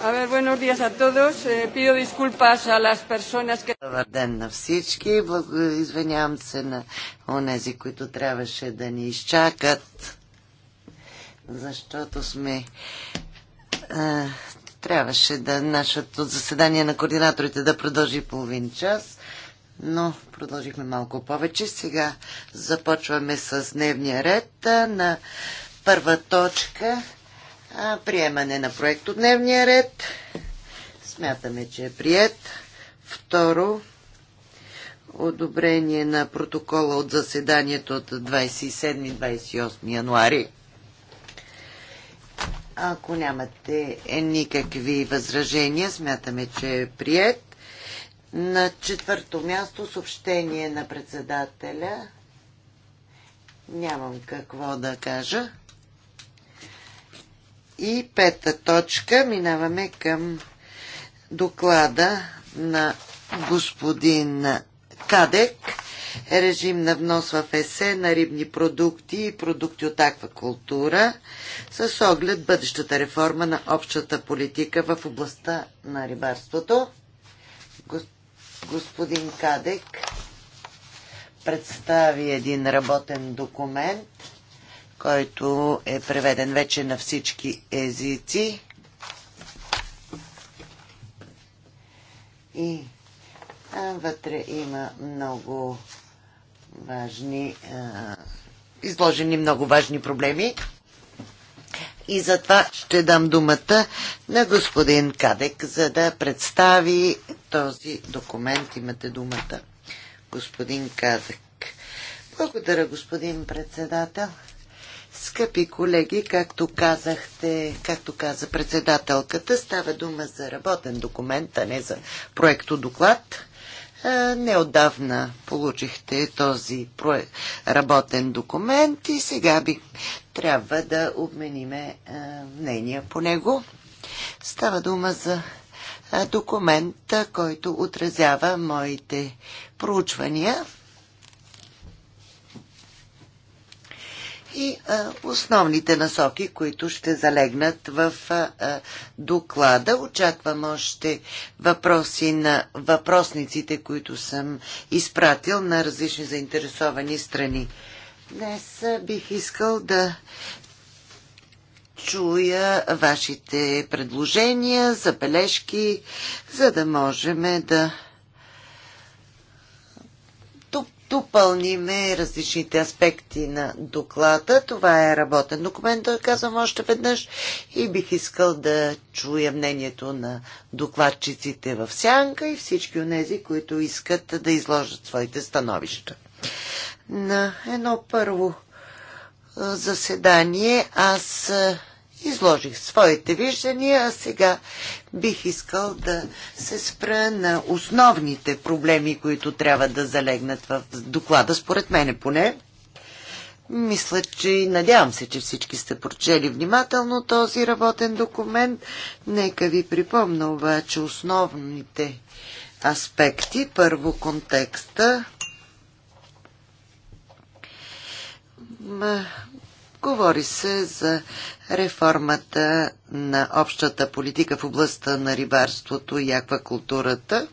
A ver, buenos días a todos. Eh, pido disculpas a las personas que... Добър ден на всички. Извинявам се на онези, които трябваше да ни изчакат, защото сме... А, трябваше да нашето заседание на координаторите да продължи половин час, но продължихме малко повече. Сега започваме с дневния ред на първа точка Приемане на проект от дневния ред. Смятаме, че е прият. Второ, одобрение на протокола от заседанието от 27-28 януари. Ако нямате никакви възражения, смятаме, че е прият. На четвърто място съобщение на председателя. Нямам какво да кажа. И пета точка, минаваме към доклада на господин Кадек. Режим на внос в ЕСЕ на рибни продукти и продукти от аквакултура с оглед бъдещата реформа на общата политика в областта на рибарството. Господин Кадек представи един работен документ който е преведен вече на всички езици. И а, вътре има много важни, а, изложени много важни проблеми. И затова ще дам думата на господин Кадек, за да представи този документ. Имате думата, господин Кадек. Благодаря, господин председател. Скъпи колеги, както казахте, както каза председателката, става дума за работен документ, а не за проекто доклад. Неодавна получихте този работен документ и сега би трябва да обмениме мнения по него. Става дума за документ, който отразява моите проучвания и основните насоки, които ще залегнат в доклада. Очаквам още въпроси на въпросниците, които съм изпратил на различни заинтересовани страни. Днес бих искал да чуя вашите предложения, забележки, за да можем да допълниме различните аспекти на доклада. Това е работен документ, той казвам още веднъж и бих искал да чуя мнението на докладчиците в сянка и всички от тези, които искат да изложат своите становища. На едно първо заседание аз изложих своите виждания, а сега бих искал да се спра на основните проблеми, които трябва да залегнат в доклада, според мене поне. Мисля, че и надявам се, че всички сте прочели внимателно този работен документ. Нека ви припомна обаче основните аспекти. Първо контекста. Говори се за реформата на общата политика в областта на рибарството и аквакултурата.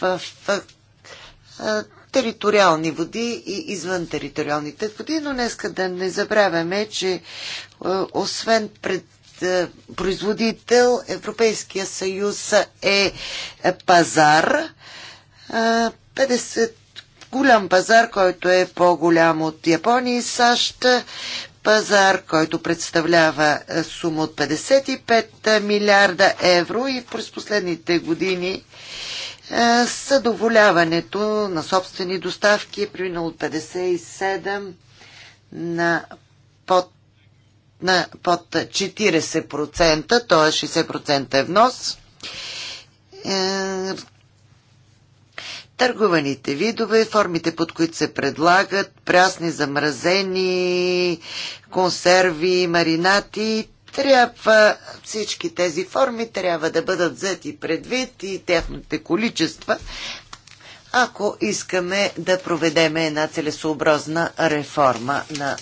В, териториални води и извън териториалните води, но днеска да не забравяме, че освен пред производител, Европейския съюз е пазар голям пазар, който е по-голям от Япония и САЩ, пазар, който представлява е, сума от 55 милиарда евро и през последните години е, съдоволяването на собствени доставки е приминало от 57 на под, на под 40%, т.е. 60% е внос. Е, търгуваните видове, формите под които се предлагат, прясни, замразени, консерви, маринати, трябва всички тези форми трябва да бъдат взети предвид и техните количества, ако искаме да проведем една целесообразна реформа на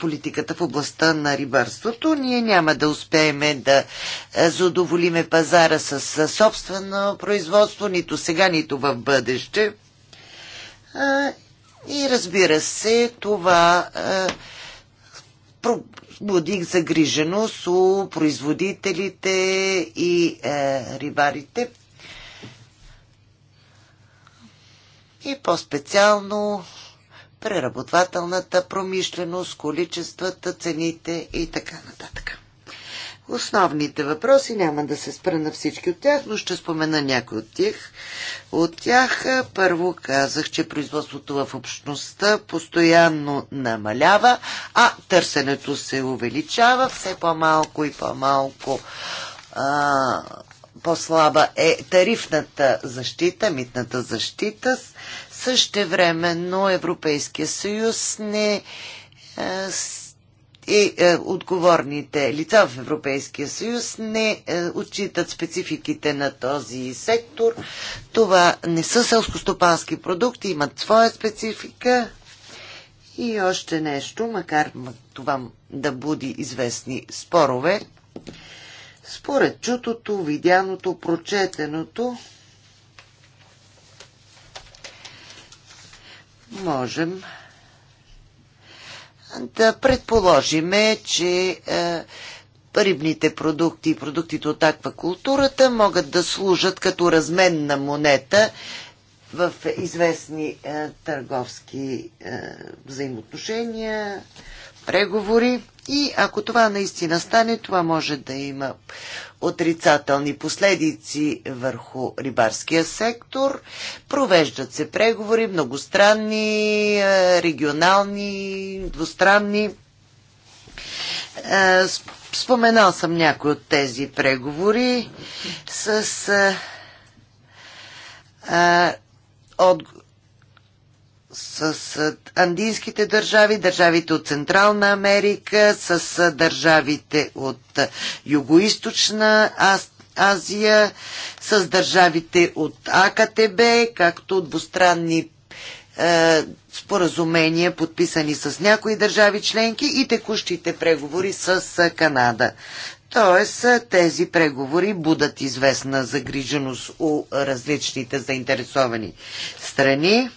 политиката в областта на рибарството. Ние няма да успеем да е, задоволиме пазара с собствено производство, нито сега, нито в бъдеще. И разбира се, това е, будих загриженост у производителите и е, рибарите. И по-специално преработвателната промишленост, количествата, цените и така нататък. Основните въпроси няма да се спра на всички от тях, но ще спомена някои от тях. От тях първо казах, че производството в общността постоянно намалява, а търсенето се увеличава все по-малко и по-малко по-слаба е тарифната защита, митната защита но Европейския съюз не и е, е, е, отговорните лица в Европейския съюз не е, отчитат спецификите на този сектор. Това не са селскостопански продукти, имат своя специфика. И още нещо, макар това да буди известни спорове, според чутото, видяното, прочетеното, можем да предположиме, че е, рибните продукти и продуктите от аквакултурата могат да служат като разменна монета в известни е, търговски е, взаимоотношения преговори и ако това наистина стане, това може да има отрицателни последици върху рибарския сектор. Провеждат се преговори, многостранни, е, регионални, двустранни. Е, споменал съм някои от тези преговори с а, е, от, с андинските държави, държавите от Централна Америка, с държавите от Юго-Источна Азия, с държавите от АКТБ, както от двустранни е, споразумения, подписани с някои държави членки и текущите преговори с Канада. Тоест тези преговори будат известна загриженост у различните заинтересовани страни.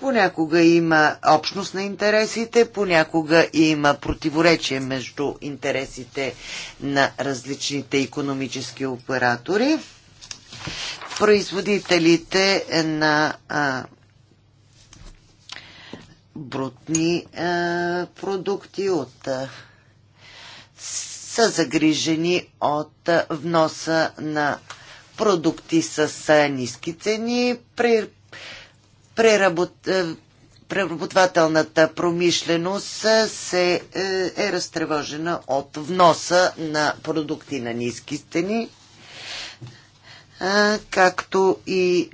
Понякога има общност на интересите, понякога има противоречие между интересите на различните економически оператори. Производителите на а, брутни а, продукти от а, са загрижени от вноса на продукти с ниски цени, преработ... Е, преработвателната промишленост е, се е, е разтревожена от вноса на продукти на ниски стени, както и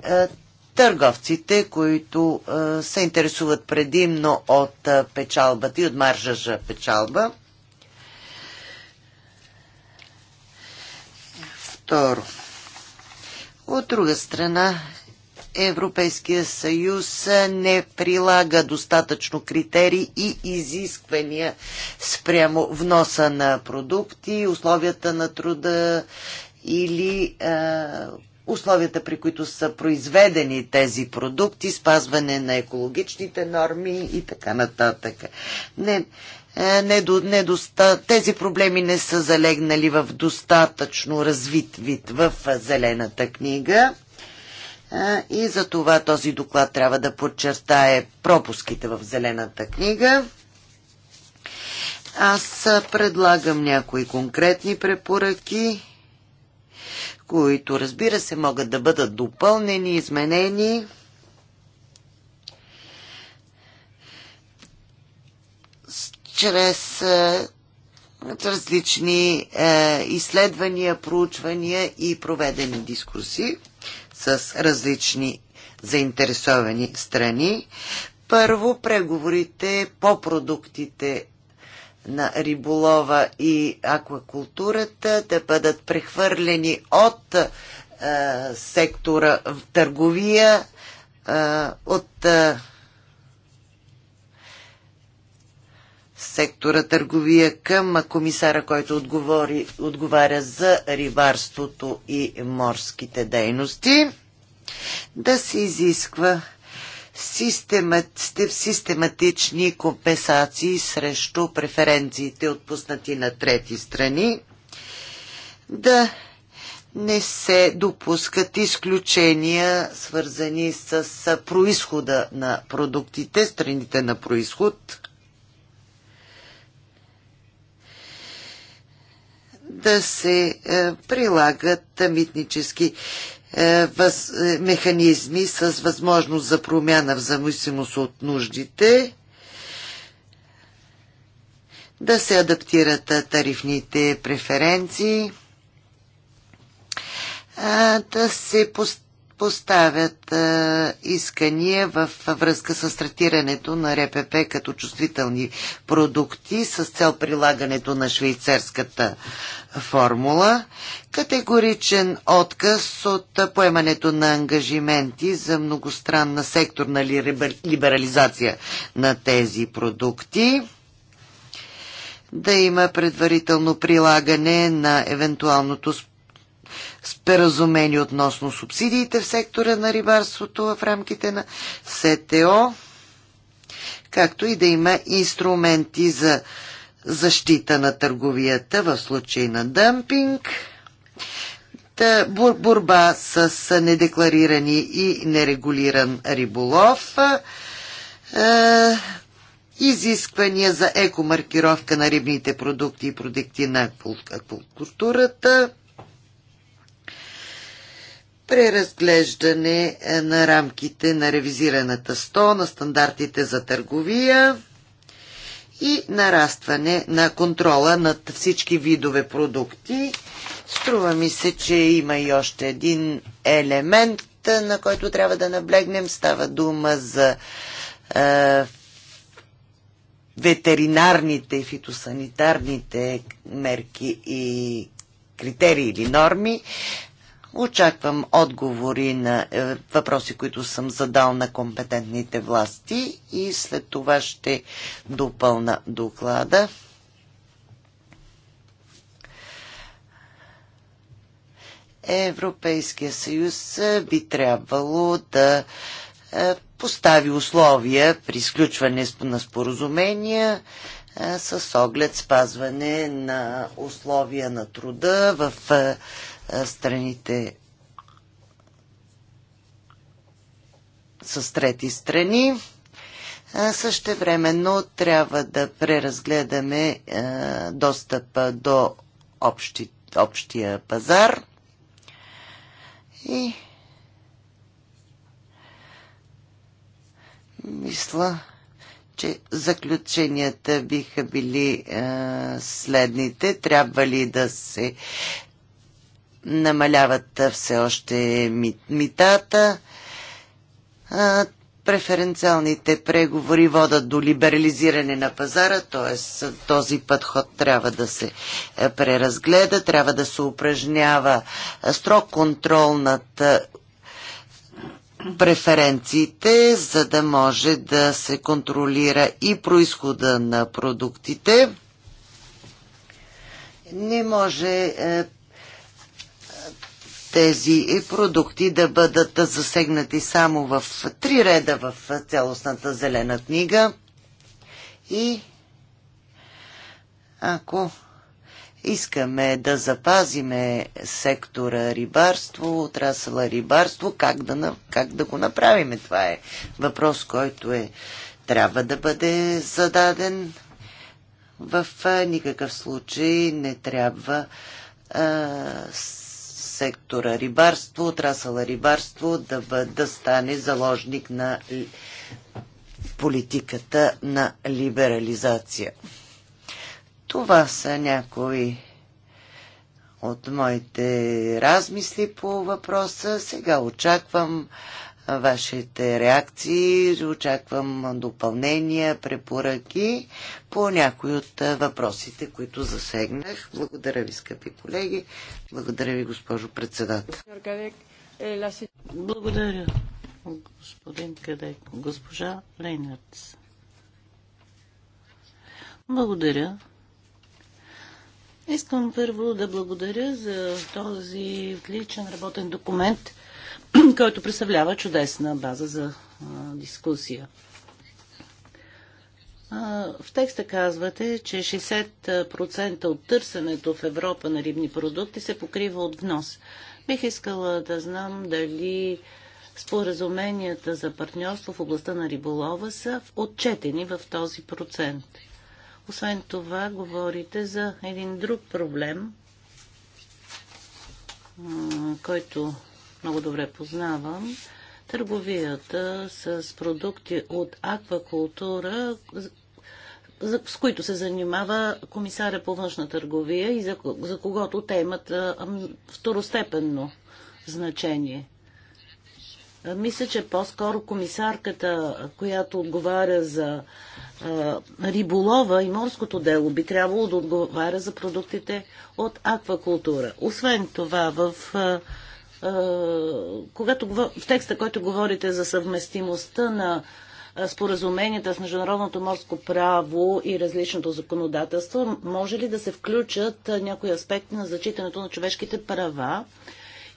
търговците, които се интересуват предимно от печалбата и от маржа за печалба. Второ. От друга страна, Европейския съюз не прилага достатъчно критерии и изисквания спрямо вноса на продукти, условията на труда или а, условията, при които са произведени тези продукти, спазване на екологичните норми и така нататък. Не, не до, тези проблеми не са залегнали в достатъчно развит вид в Зелената книга и за това този доклад трябва да подчертае пропуските в Зелената книга. Аз предлагам някои конкретни препоръки, които разбира се могат да бъдат допълнени, изменени. чрез различни е, изследвания, проучвания и проведени дискусии с различни заинтересовани страни. Първо, преговорите по продуктите на риболова и аквакултурата да бъдат прехвърлени от е, сектора в търговия, е, от е, сектора търговия към комисара, който отговори, отговаря за рибарството и морските дейности, да се изисква системат, систематични компенсации срещу преференциите отпуснати на трети страни, да не се допускат изключения, свързани с происхода на продуктите, страните на происход, да се е, прилагат митнически е, е, механизми с възможност за промяна в зависимост от нуждите, да се адаптират тарифните преференции, да се, поставят искания в връзка с третирането на РПП като чувствителни продукти с цел прилагането на швейцарската формула, категоричен отказ от поемането на ангажименти за многостранна секторна либерализация на тези продукти да има предварително прилагане на евентуалното споразумение споразумение относно субсидиите в сектора на рибарството в рамките на СТО, както и да има инструменти за защита на търговията в случай на дъмпинг, борба с недекларирани и нерегулиран риболов, е, изисквания за екомаркировка на рибните продукти и продукти на аквакултурата, преразглеждане е, на рамките на ревизираната 100, на стандартите за търговия и нарастване на контрола над всички видове продукти. Струва ми се, че има и още един елемент, е, на който трябва да наблегнем. Става дума за е, ветеринарните и фитосанитарните мерки и критерии или норми. Очаквам отговори на е, въпроси, които съм задал на компетентните власти и след това ще допълна доклада. Европейския съюз е, би трябвало да е, постави условия при сключване на споразумения е, с оглед спазване на условия на труда в страните с трети страни. Също времено трябва да преразгледаме достъпа до общи, общия пазар и мисля, че заключенията биха били е, следните. Трябва ли да се намаляват все още митата. Преференциалните преговори водат до либерализиране на пазара, т.е. този подход трябва да се преразгледа, трябва да се упражнява строг контрол над преференциите, за да може да се контролира и происхода на продуктите. Не може тези продукти да бъдат засегнати само в три реда в цялостната зелена книга. И ако искаме да запазиме сектора рибарство, отрасъла рибарство, как да, как да го направим? Това е въпрос, който е, трябва да бъде зададен. В никакъв случай не трябва а, сектора рибарство, отрасъла рибарство да, да стане заложник на политиката на либерализация. Това са някои от моите размисли по въпроса. Сега очаквам вашите реакции. Очаквам допълнения, препоръки по някои от въпросите, които засегнах. Благодаря ви, скъпи колеги. Благодаря ви, госпожо председател. Благодаря, господин Кадек. Госпожа Лейнерц. Благодаря. Искам първо да благодаря за този отличен работен документ – който представлява чудесна база за а, дискусия. А, в текста казвате, че 60% от търсенето в Европа на рибни продукти се покрива от внос. Бих искала да знам дали споразуменията за партньорство в областта на риболова са отчетени в този процент. Освен това, говорите за един друг проблем, който много добре познавам, търговията с продукти от аквакултура, с които се занимава комисаря по външна търговия и за, за когото те имат второстепенно значение. Мисля, че по-скоро комисарката, която отговаря за а, риболова и морското дело, би трябвало да отговаря за продуктите от аквакултура. Освен това, в а, когато в текста, който говорите за съвместимостта на споразуменията с международното морско право и различното законодателство, може ли да се включат някои аспекти на зачитането на човешките права?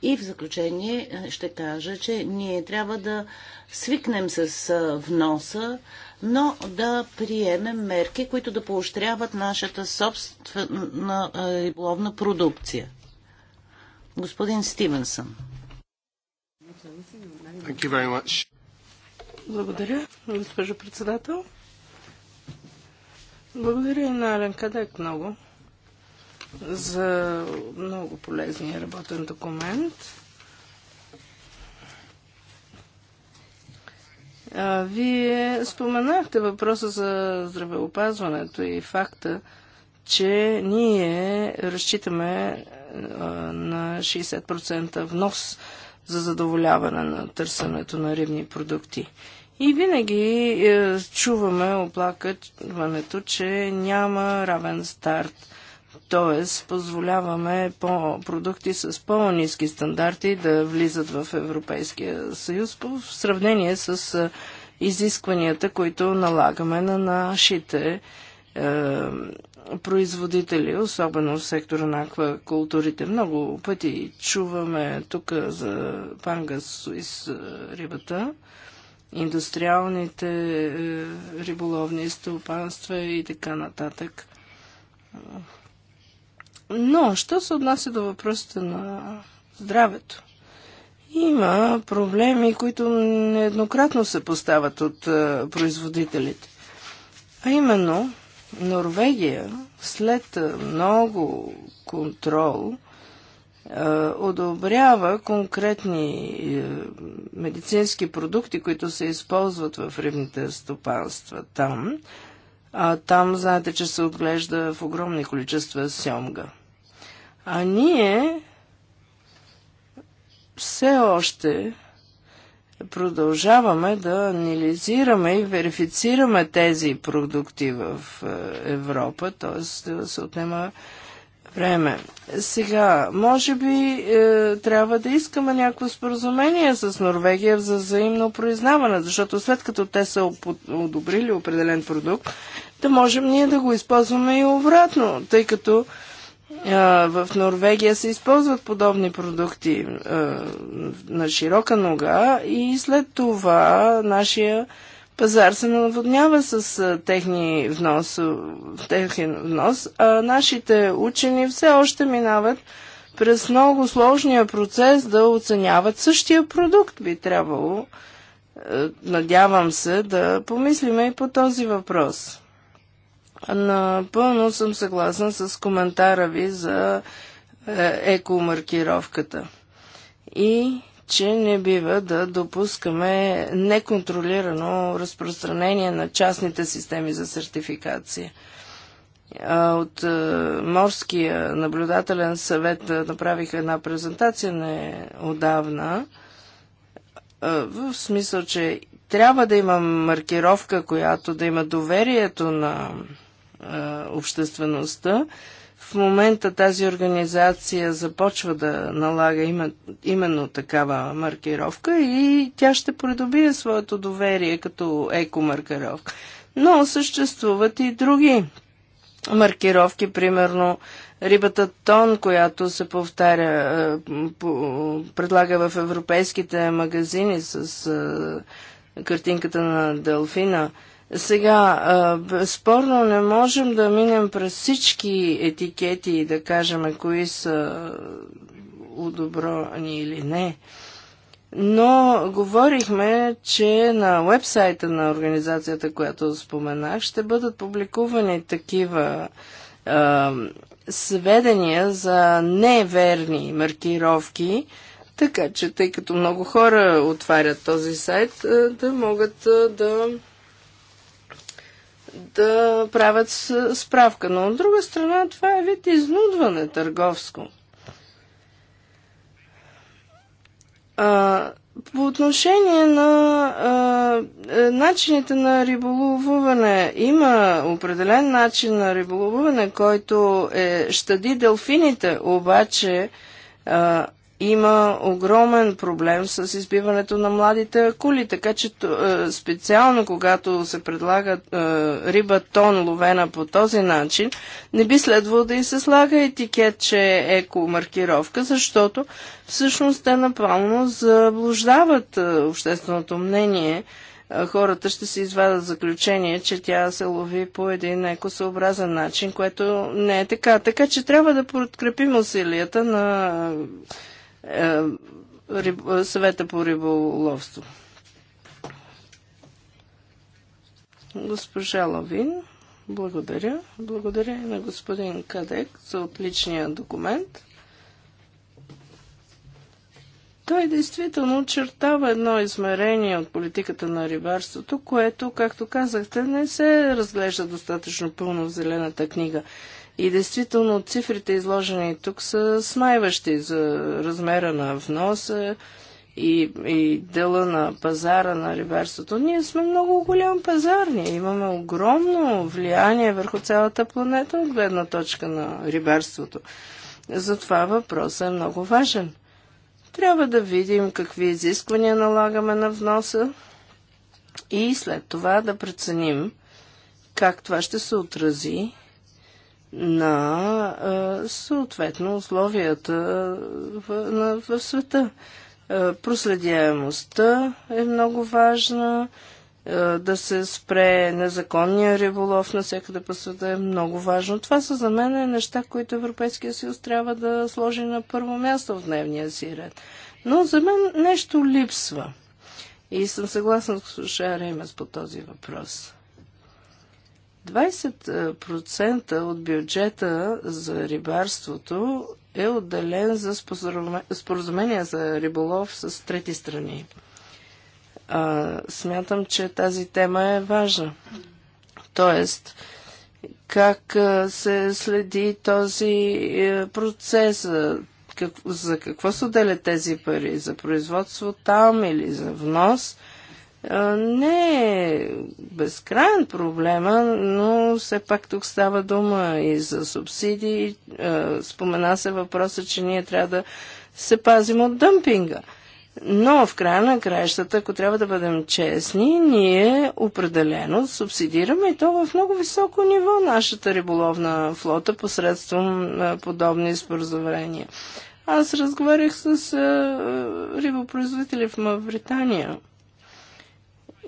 И в заключение ще кажа, че ние трябва да свикнем с вноса, но да приемем мерки, които да поощряват нашата собствена риболовна продукция. Господин Стивенсън. Благодаря, госпожо председател. Благодаря и на Ален Кадек много за много полезния работен документ. вие споменахте въпроса за здравеопазването и факта, че ние разчитаме на 60% внос за задоволяване на търсенето на рибни продукти. И винаги е, чуваме оплакването, че няма равен старт. Тоест, позволяваме по продукти с по-низки стандарти да влизат в Европейския съюз в сравнение с е, изискванията, които налагаме на нашите е, производители, особено в сектора на аквакултурите. Много пъти чуваме тук за панга с е, рибата, индустриалните е, риболовни стопанства и така нататък. Но, що се отнася до въпросите на здравето? Има проблеми, които нееднократно се поставят от е, производителите. А именно, Норвегия след много контрол е, одобрява конкретни е, медицински продукти, които се използват в рибните стопанства там. А там, знаете, че се отглежда в огромни количества сьомга. А ние все още продължаваме да анализираме и верифицираме тези продукти в е, Европа, т.е. да се отнема време. Сега, може би е, трябва да искаме някакво споразумение с Норвегия за взаимно произнаване, защото след като те са одобрили определен продукт, да можем ние да го използваме и обратно, тъй като в Норвегия се използват подобни продукти на широка нога и след това нашия пазар се наводнява с техни внос, техен внос, а нашите учени все още минават през много сложния процес да оценяват същия продукт. Би трябвало, надявам се, да помислиме и по този въпрос. Напълно съм съгласна с коментара ви за е, екомаркировката. И че не бива да допускаме неконтролирано разпространение на частните системи за сертификация. От е, Морския наблюдателен съвет е, направих една презентация не отдавна, в смисъл, че трябва да има маркировка, която да има доверието на обществеността. В момента тази организация започва да налага именно такава маркировка и тя ще придобие своето доверие като екомаркировка. Но съществуват и други маркировки, примерно рибата тон, която се повтаря, предлага в европейските магазини с картинката на Делфина – сега, безспорно не можем да минем през всички етикети и да кажем кои са удобрени или не. Но говорихме, че на вебсайта на организацията, която споменах, ще бъдат публикувани такива е, сведения за неверни маркировки, така че, тъй като много хора отварят този сайт, е, да могат е, да да правят справка. Но от друга страна това е вид изнудване търговско. А, по отношение на а, е, начините на риболовуване, има определен начин на риболовуване, който е, щади делфините, обаче а, има огромен проблем с избиването на младите акули, така че е, специално когато се предлага е, риба тон ловена по този начин, не би следвало да и се слага етикет, че е екомаркировка, защото всъщност те напълно заблуждават е, общественото мнение. Хората ще се извадат заключение, че тя се лови по един екосъобразен начин, което не е така. Така че трябва да подкрепим усилията на е, съвета по риболовство. Госпожа Лавин, благодаря. Благодаря и на господин Кадек за отличния документ. Той действително очертава едно измерение от политиката на рибарството, което, както казахте, не се разглежда достатъчно пълно в Зелената книга. И действително цифрите изложени тук са смайващи за размера на вноса и, и дела на пазара на рибарството. Ние сме много голям пазар, ние имаме огромно влияние върху цялата планета от гледна точка на рибарството. Затова въпросът е много важен. Трябва да видим какви изисквания налагаме на вноса и след това да преценим как това ще се отрази на съответно условията в, на, в света. Проследяемостта е много важна, да се спре незаконния риболов навсякъде по света е много важно. Това са за мен неща, които Европейския съюз трябва да сложи на първо място в дневния си ред. Но за мен нещо липсва. И съм съгласна с Шаремес по този въпрос. 20% е, от бюджета за рибарството е отделен за споразумения за риболов с трети страни. А, смятам, че тази тема е важна. Тоест, как е, се следи този е, процес, как, за какво се отделят тези пари? За производство там или за внос – не е безкрайен проблема, но все пак тук става дума и за субсидии. Спомена се въпроса, че ние трябва да се пазим от дъмпинга. Но в края на краищата, ако трябва да бъдем честни, ние определено субсидираме и то в много високо ниво нашата риболовна флота посредством подобни споразумения. Аз разговарях с рибопроизводители в Мавритания.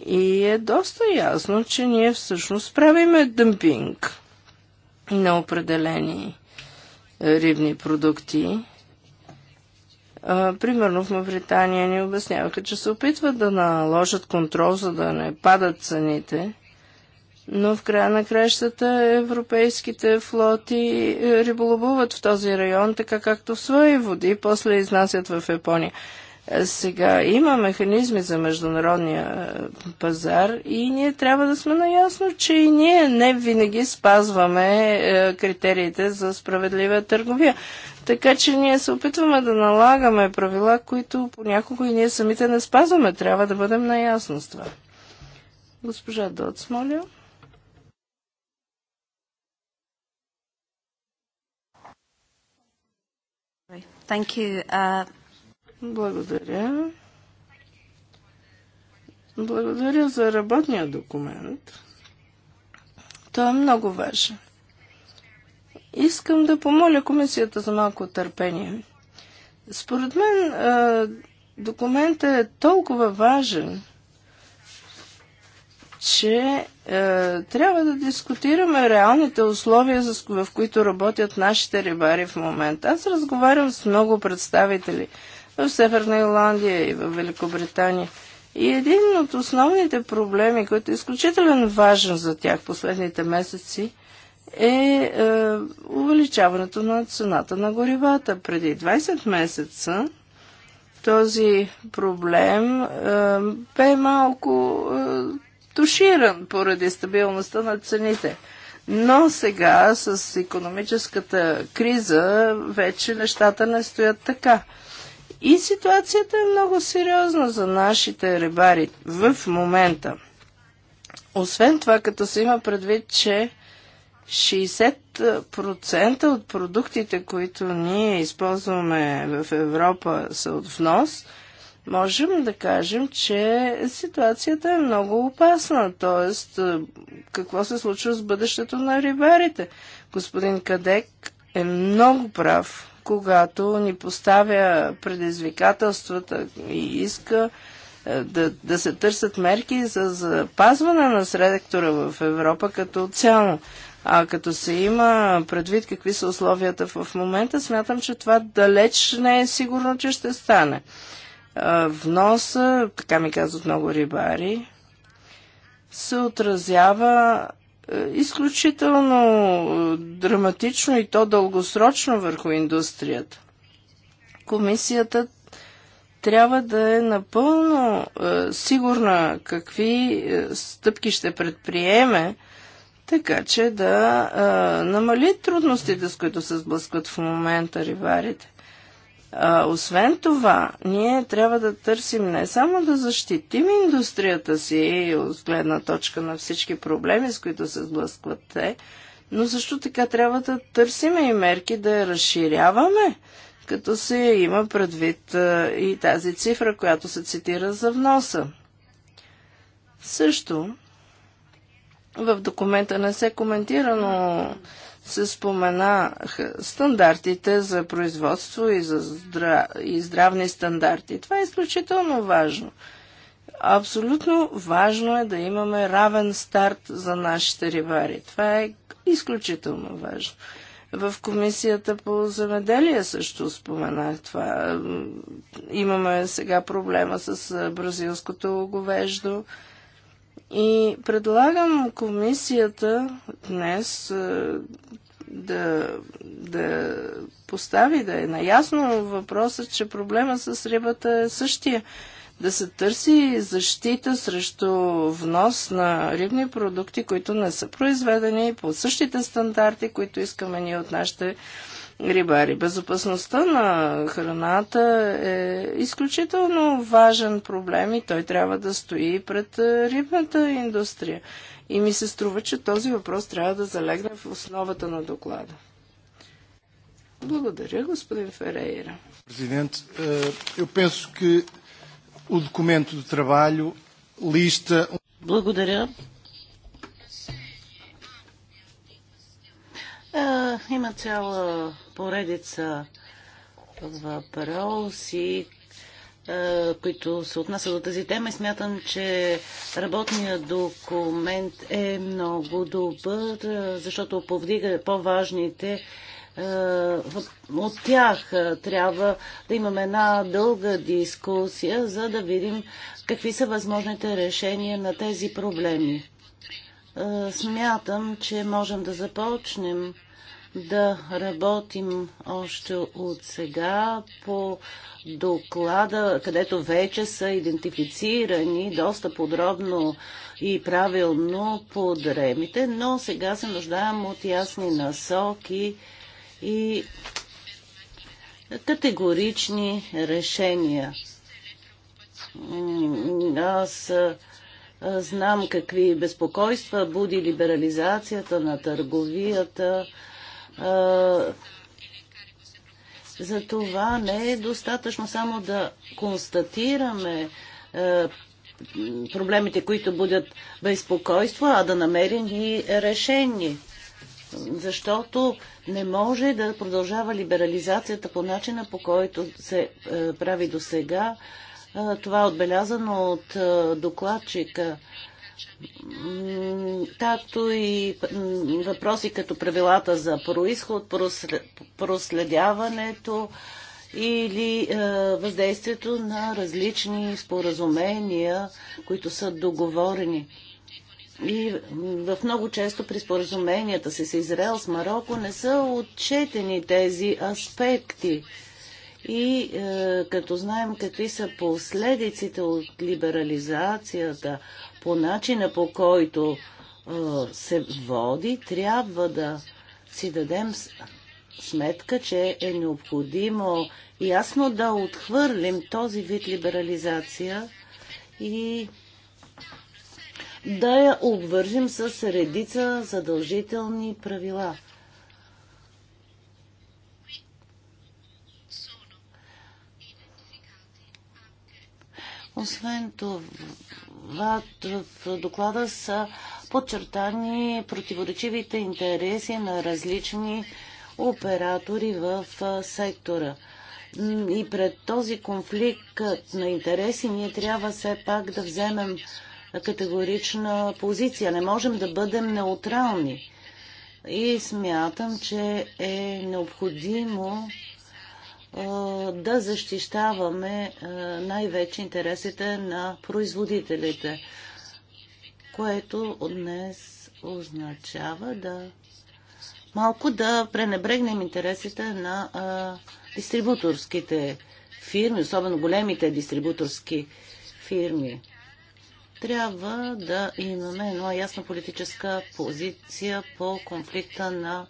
И е доста ясно, че ние всъщност правиме дъмпинг на определени е, рибни продукти. А, примерно в Мавритания ни обясняваха, че се опитват да наложат контрол, за да не падат цените. Но в края на кращата европейските флоти е, риболовуват в този район, така както в свои води, после изнасят в Япония. Сега има механизми за международния е, пазар и ние трябва да сме наясно, че и ние не винаги спазваме е, критериите за справедлива търговия. Така че ние се опитваме да налагаме правила, които понякога и ние самите не спазваме. Трябва да бъдем наясно с това. Госпожа Доц, моля. Thank you. Uh... Благодаря. Благодаря за работния документ. Той е много важен. Искам да помоля комисията за малко търпение. Според мен документът е толкова важен, че трябва да дискутираме реалните условия, в които работят нашите рибари в момента. Аз разговарям с много представители в Северна Ирландия и в Великобритания. И един от основните проблеми, който е изключително важен за тях последните месеци, е, е увеличаването на цената на горивата. Преди 20 месеца този проблем е, бе малко е, туширан поради стабилността на цените. Но сега с економическата криза вече нещата не стоят така. И ситуацията е много сериозна за нашите рибари в момента. Освен това, като се има предвид, че 60% от продуктите, които ние използваме в Европа са от внос, можем да кажем, че ситуацията е много опасна. Тоест, е, какво се случва с бъдещето на рибарите? Господин Кадек е много прав когато ни поставя предизвикателствата и иска е, да, да се търсят мерки за запазване на средектора в Европа като цяло. А като се има предвид какви са условията в момента, смятам, че това далеч не е сигурно, че ще стане. Е, вноса, така ми казват много рибари, се отразява изключително е, драматично и то дългосрочно върху индустрията. Комисията трябва да е напълно е, сигурна какви е, стъпки ще предприеме, така че да намали трудностите, с които се сблъскват в момента риварите. А, освен това, ние трябва да търсим не само да защитим индустрията си от гледна точка на всички проблеми, с които се сблъскват те, но също така трябва да търсиме и мерки да я разширяваме, като се има предвид а, и тази цифра, която се цитира за вноса. Също в документа не се коментира, но се споменаха стандартите за производство и за здра... и здравни стандарти. Това е изключително важно. Абсолютно важно е да имаме равен старт за нашите рибари. Това е изключително важно. В комисията по земеделие също споменах това. Имаме сега проблема с бразилското говеждо. И предлагам комисията днес е, да, да постави, да е наясно въпроса, че проблема с рибата е същия. Да се търси защита срещу внос на рибни продукти, които не са произведени по същите стандарти, които искаме ние от нашите рибари. Безопасността на храната е изключително важен проблем и той трябва да стои пред рибната индустрия. И ми се струва, че този въпрос трябва да залегне в основата на доклада. Благодаря, господин Ферейра. Президент, eu penso que o documento de trabalho lista... Благодаря. има цяла поредица въпроси, които се отнасят до тази тема и смятам, че работният документ е много добър, защото повдига по-важните от тях трябва да имаме една дълга дискусия, за да видим какви са възможните решения на тези проблеми. Смятам, че можем да започнем да работим още от сега по доклада, където вече са идентифицирани доста подробно и правилно подремите, но сега се нуждаем от ясни насоки и категорични решения. Аз знам какви безпокойства буди либерализацията на търговията, за това не е достатъчно само да констатираме проблемите, които будят безпокойство, а да намерим и решение. Защото не може да продължава либерализацията по начина, по който се е, прави до сега. Е, това е отбелязано от е, докладчика както и въпроси като правилата за происход, проследяването или е, въздействието на различни споразумения, които са договорени. И в много често при споразуменията си с Израел, с Марокко не са отчетени тези аспекти. И е, като знаем какви са последиците от либерализацията, по начина по който се води, трябва да си дадем сметка, че е необходимо ясно да отхвърлим този вид либерализация и да я обвържим с редица задължителни правила. Освен това, в доклада са подчертани противоречивите интереси на различни оператори в сектора. И пред този конфликт на интереси ние трябва все пак да вземем категорична позиция. Не можем да бъдем неутрални. И смятам, че е необходимо да защищаваме най-вече интересите на производителите, което днес означава да малко да пренебрегнем интересите на а, дистрибуторските фирми, особено големите дистрибуторски фирми. Трябва да имаме една ясна политическа позиция по конфликта на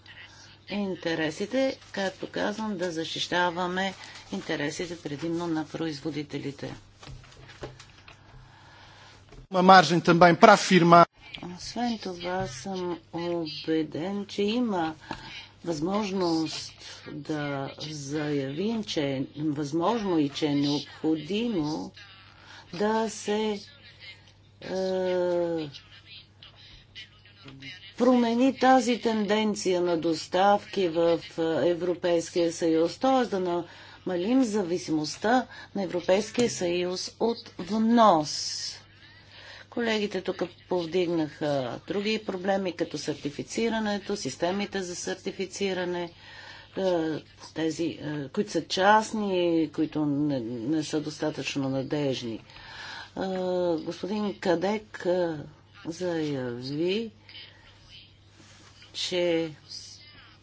интересите, както казвам, да защищаваме интересите предимно на производителите. Освен това съм убеден, че има възможност да заявим, че е възможно и че е необходимо да се е, промени тази тенденция на доставки в Европейския съюз, т.е. да намалим зависимостта на Европейския съюз от внос. Колегите тук повдигнаха други проблеми, като сертифицирането, системите за сертифициране, тези, които са частни, които не, не са достатъчно надежни. Господин Кадек заяви, че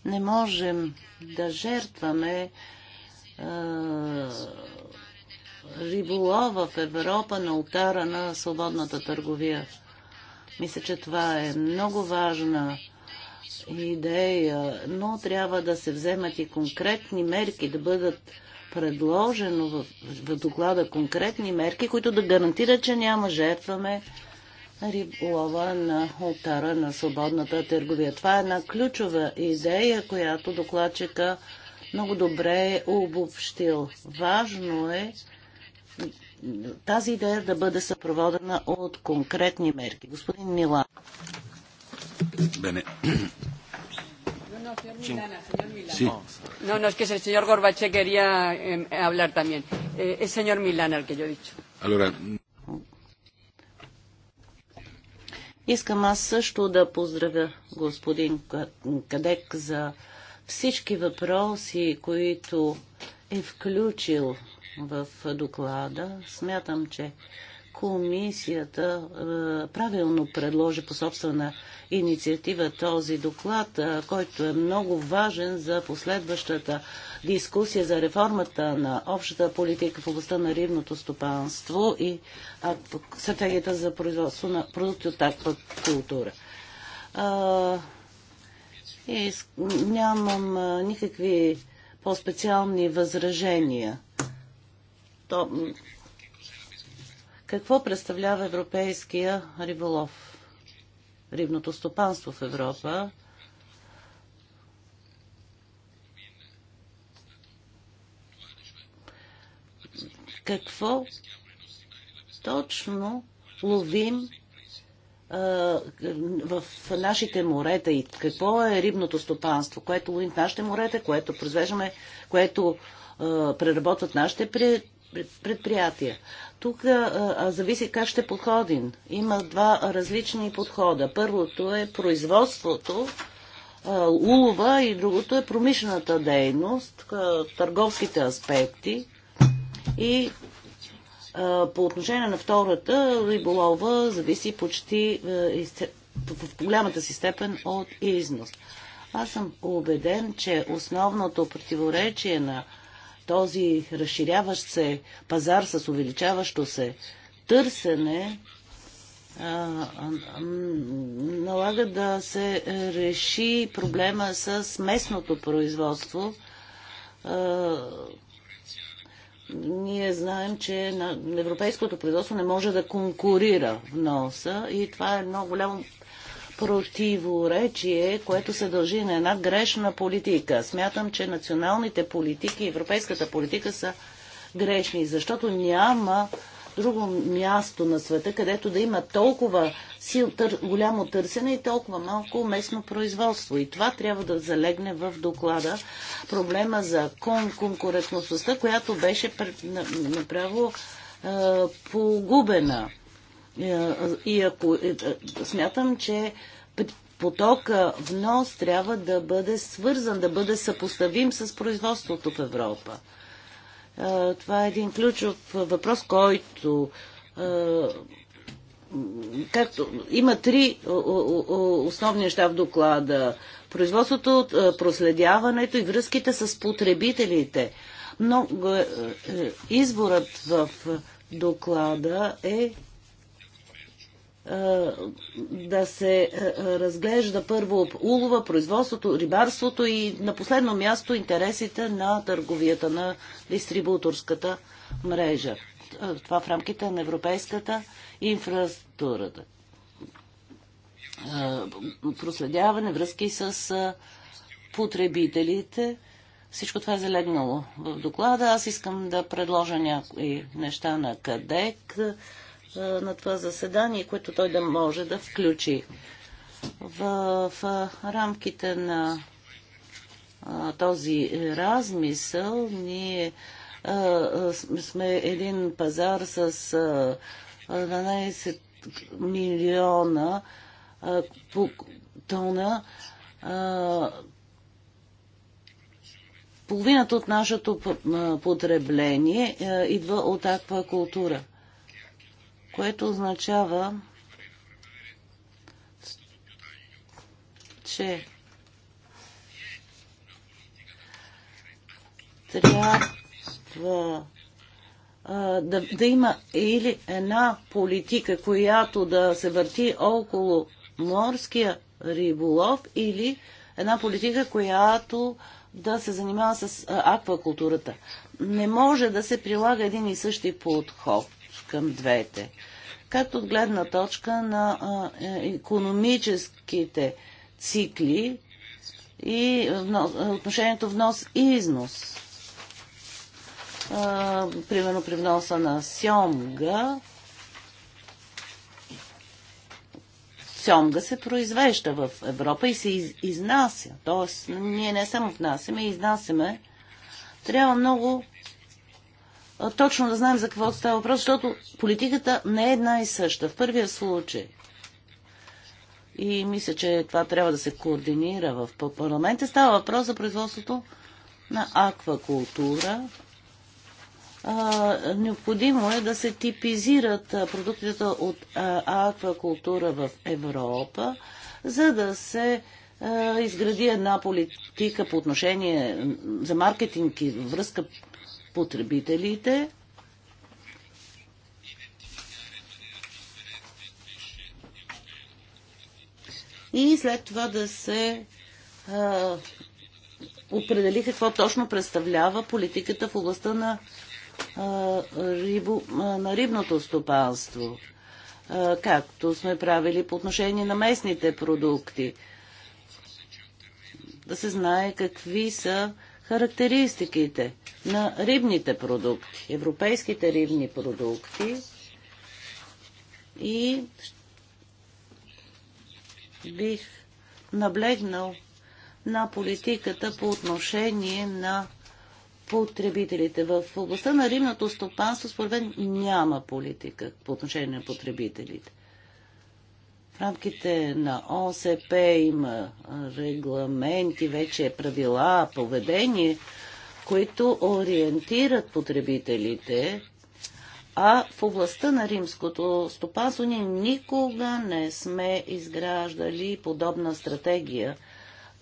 не можем да жертваме риболова в Европа на ултара на свободната търговия. Мисля, че това е много важна идея, но трябва да се вземат и конкретни мерки, да бъдат предложено в, в доклада конкретни мерки, които да гарантират, че няма жертваме риболова на отара на свободната търговия. Това е една ключова идея, която докладчика много добре е обобщил. Важно е тази идея да бъде съпроводена от конкретни мерки. Господин Мила. Милан. Bene. Sí. No, no, es que el señor Gorbache quería eh, hablar también. Eh, es señor Milán el que yo he dicho. Allora, Искам аз също да поздравя господин Кадек за всички въпроси, които е включил в доклада. Смятам, че комисията правилно предложи по собствена инициатива този доклад, който е много важен за последващата дискусия за реформата на общата политика в областта на рибното стопанство и стратегията за производство на продукти от таква култура. И нямам никакви по-специални възражения. То, какво представлява европейския риболов? рибното стопанство в Европа. Какво точно ловим в нашите морета и какво е рибното стопанство, което ловим в нашите морета, което произвеждаме, което преработват нашите предприятия. Тук а, а, зависи как ще подходим. Има два различни подхода. Първото е производството, а, улова и другото е промишлената дейност, а, търговските аспекти. И а, по отношение на втората, риболова зависи почти а, в голямата си степен от износ. Аз съм убеден, че основното противоречие на този разширяващ се пазар с увеличаващо се търсене а, налага да се реши проблема с местното производство. А, ние знаем, че на европейското производство не може да конкурира в носа и това е много голямо противоречие, което се дължи на една грешна политика. Смятам, че националните политики и европейската политика са грешни, защото няма друго място на света, където да има толкова сил, тър, голямо търсене и толкова малко местно производство. И това трябва да залегне в доклада проблема за кон, конкурентността, която беше направо е, погубена. Е, и ако е, смятам, че потока внос трябва да бъде свързан, да бъде съпоставим с производството в Европа. Е, това е един ключов въпрос, който както има три основни неща в доклада. Производството, проследяването и връзките с потребителите. Но изборът в доклада е да се разглежда първо улова, производството, рибарството и на последно място интересите на търговията, на дистрибуторската мрежа. Това в рамките на европейската инфраструктура. Проследяване, връзки с потребителите. Всичко това е залегнало в доклада. Аз искам да предложа някои неща на КАДЕК е, на това заседание, което той да може да включи. В, в рамките на този размисъл ние сме един пазар с 12 милиона тона половината от нашето потребление идва от аквакултура. култура което означава, че трябва да, да има или една политика, която да се върти около морския риболов, или една политика, която да се занимава с аквакултурата. Не може да се прилага един и същи подход към двете. Както от гледна точка на економическите цикли и е, отношението внос и износ. Примерно при вноса на сьомга, сьомга се произвежда в Европа и се из, изнася. Тоест, ние не само внасяме, изнасяме. Трябва много точно да знаем за какво става въпрос, защото политиката не е една и съща. В първия случай и мисля, че това трябва да се координира в парламента. Става въпрос за производството на аквакултура. необходимо е да се типизират продуктите от аквакултура в Европа, за да се изгради една политика по отношение за маркетинг и връзка потребителите. И след това да се а, определи какво точно представлява политиката в областта на, а, рибо, а, на рибното стопанство, а, както сме правили по отношение на местните продукти. Да се знае какви са характеристиките на рибните продукти, европейските рибни продукти и бих наблегнал на политиката по отношение на потребителите. В областта на рибното стопанство, според мен, няма политика по отношение на потребителите. В рамките на ОСП има регламенти, вече е правила, поведение, които ориентират потребителите, а в областта на римското стопанство ние никога не сме изграждали подобна стратегия,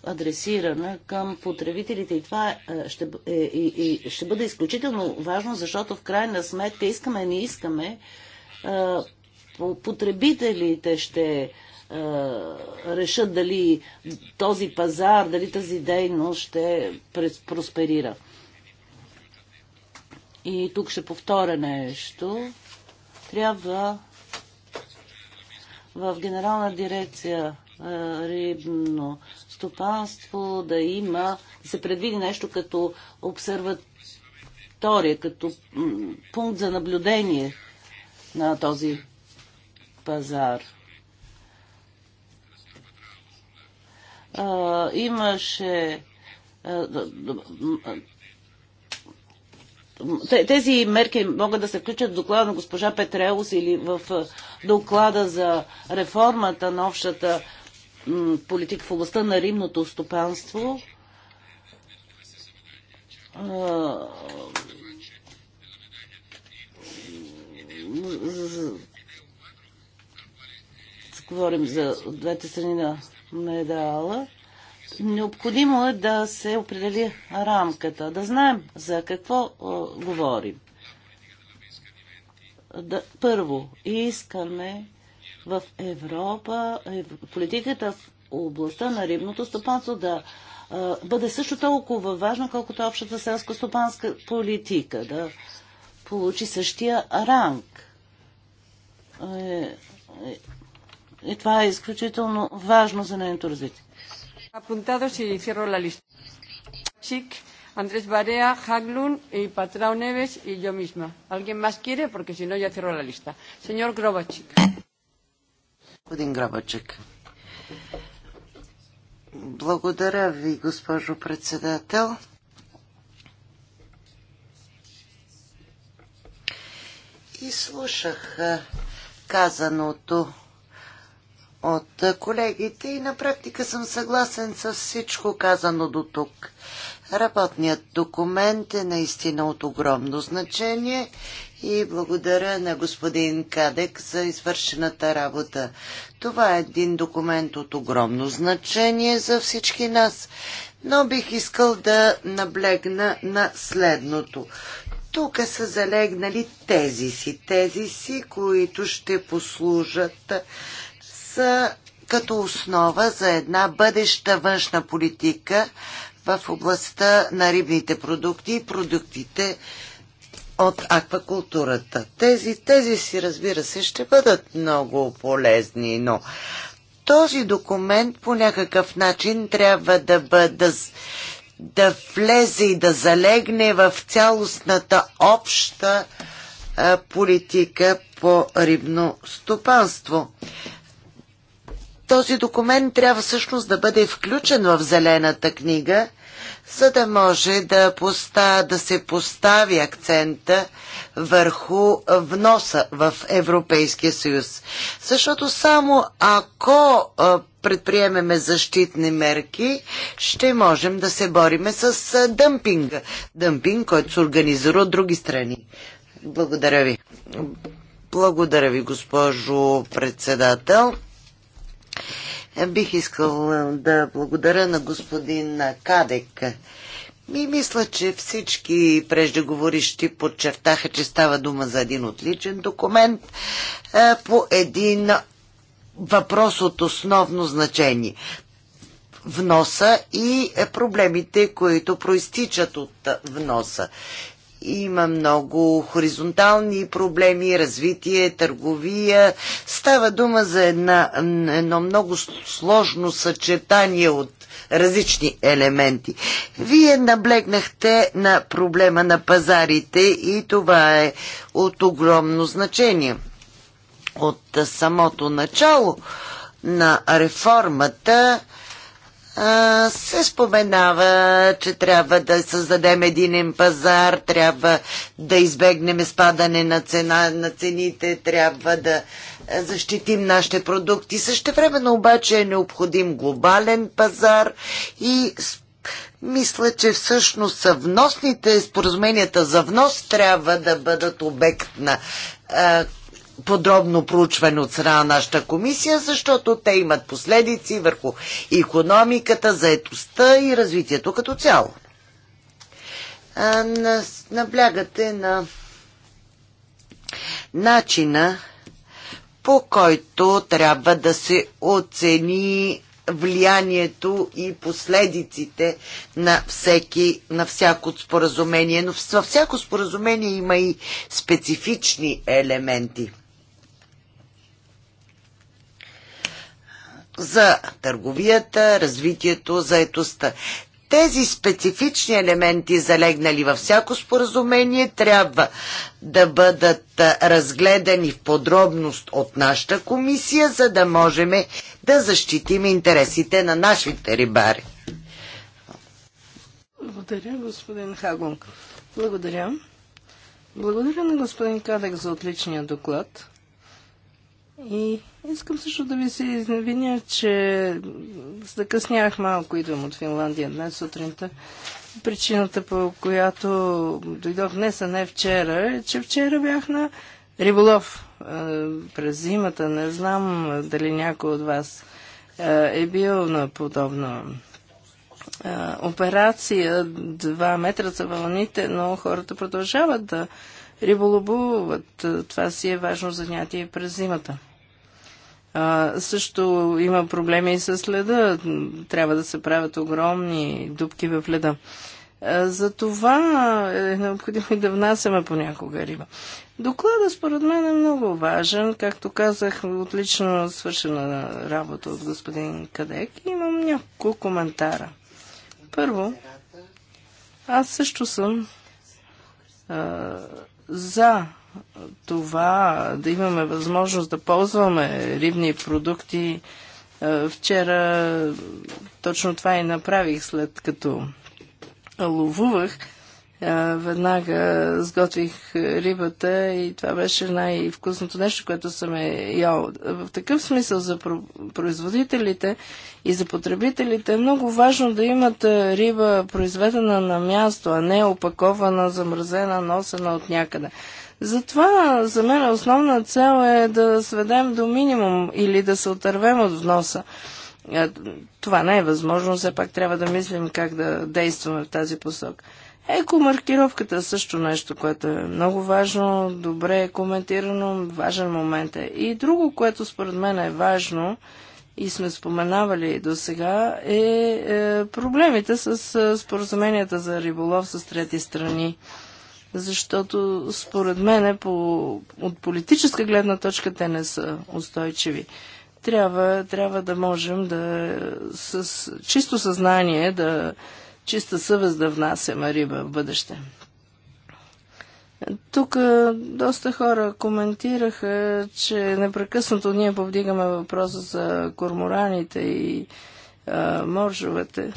адресирана към потребителите. И това е, ще, е, и, и ще бъде изключително важно, защото в крайна сметка искаме, не искаме, потребителите ще е, решат дали този пазар, дали тази дейност ще просперира. И тук ще повторя нещо. Трябва в Генерална дирекция е, рибно стопанство да има, да се предвиди нещо като обсерватория, като пункт за наблюдение на този пазар. А, имаше тези мерки могат да се включат в доклада на госпожа Петреус или в доклада за реформата на общата политика в областта на римното стопанство говорим за двете страни на медала, необходимо е да се определи рамката, да знаем за какво а, говорим. Да, първо, искаме в Европа е, политиката в областта на рибното стопанство да а, бъде също толкова важна, колкото общата селско-стопанска политика, да получи същия ранг. е, е и това е изключително важно за нейното развитие. Apuntados y cierro la lista. Chic, Andrés Barea, Haglund y Patrao Neves y yo misma. ¿Alguien más quiere? Porque si no ya cierro la lista. Señor Grobachik. Господин Гробачек. Благодаря ви, госпожо председател. И слушах казаното от колегите и на практика съм съгласен с всичко казано до тук. Работният документ е наистина от огромно значение и благодаря на господин Кадек за извършената работа. Това е един документ от огромно значение за всички нас, но бих искал да наблегна на следното. Тук са залегнали тези си, тези си, които ще послужат са като основа за една бъдеща външна политика в областта на рибните продукти и продуктите от аквакултурата. Тези, тези си, разбира се, ще бъдат много полезни, но този документ по някакъв начин трябва да бъде да, да влезе и да залегне в цялостната обща а, политика по рибно стопанство този документ трябва всъщност да бъде включен в Зелената книга, за да може да, поста, да се постави акцента върху вноса в Европейския съюз. Защото само ако предприемеме защитни мерки, ще можем да се бориме с дъмпинга. Дъмпинг, който се организира от други страни. Благодаря ви. Благодаря ви, госпожо председател. Бих искал да благодаря на господин Кадек. И мисля, че всички преждеговорищи подчертаха, че става дума за един отличен документ по един въпрос от основно значение. Вноса и проблемите, които проистичат от вноса има много хоризонтални проблеми, развитие, търговия. Става дума за една, едно много сложно съчетание от различни елементи. Вие наблегнахте на проблема на пазарите и това е от огромно значение. От самото начало на реформата се споменава, че трябва да създадем единен пазар, трябва да избегнем спадане на, цена, на цените, трябва да защитим нашите продукти. Също времено обаче е необходим глобален пазар и мисля, че всъщност съвносните споразуменията за внос трябва да бъдат обект на подробно проучване от страна на нашата комисия, защото те имат последици върху економиката, заетостта и развитието като цяло. А, наблягате на начина по който трябва да се оцени влиянието и последиците на, всеки, на всяко споразумение. Но във всяко споразумение има и специфични елементи – за търговията, развитието, заетостта. Тези специфични елементи, залегнали във всяко споразумение, трябва да бъдат разгледани в подробност от нашата комисия, за да можем да защитим интересите на нашите рибари. Благодаря, господин Хагун. Благодаря. Благодаря на господин Кадек за отличния доклад. И Искам също да ви се извиня, че закъснях малко, идвам от Финландия днес сутринта. Причината, по която дойдох днес, а не вчера, е, че вчера бях на риболов е, през зимата. Не знам е, дали някой от вас е, е бил на подобна операция. Два метра са вълните, но хората продължават да риболобуват. Това си е важно занятие през зимата. А, също има проблеми и с леда. Трябва да се правят огромни дупки в леда. За това е необходимо и да внасяме понякога риба. Докладът, според мен е много важен. Както казах, отлично свършена работа от господин Кадек. Имам няколко коментара. Първо, аз също съм а, за това да имаме възможност да ползваме рибни продукти. Е, вчера точно това и направих, след като ловувах. Е, веднага сготвих рибата и това беше най-вкусното нещо, което съм е ял. В такъв смисъл за производителите и за потребителите е много важно да имат е, риба произведена на място, а не опакована, замразена, носена от някъде. Затова за мен основна цел е да сведем до минимум или да се отървем от вноса. Е, това не е възможно, все пак трябва да мислим как да действаме в тази посока. Еко-маркировката е също нещо, което е много важно, добре е коментирано, важен момент е. И друго, което според мен е важно и сме споменавали до сега, е, е проблемите с е, споразуменията за риболов с трети страни защото според мен по, от политическа гледна точка те не са устойчиви. Трябва, трябва да можем да с чисто съзнание, да чиста съвест да внасяме риба в бъдеще. Тук доста хора коментираха, че непрекъснато ние повдигаме въпроса за кормораните и моржовете.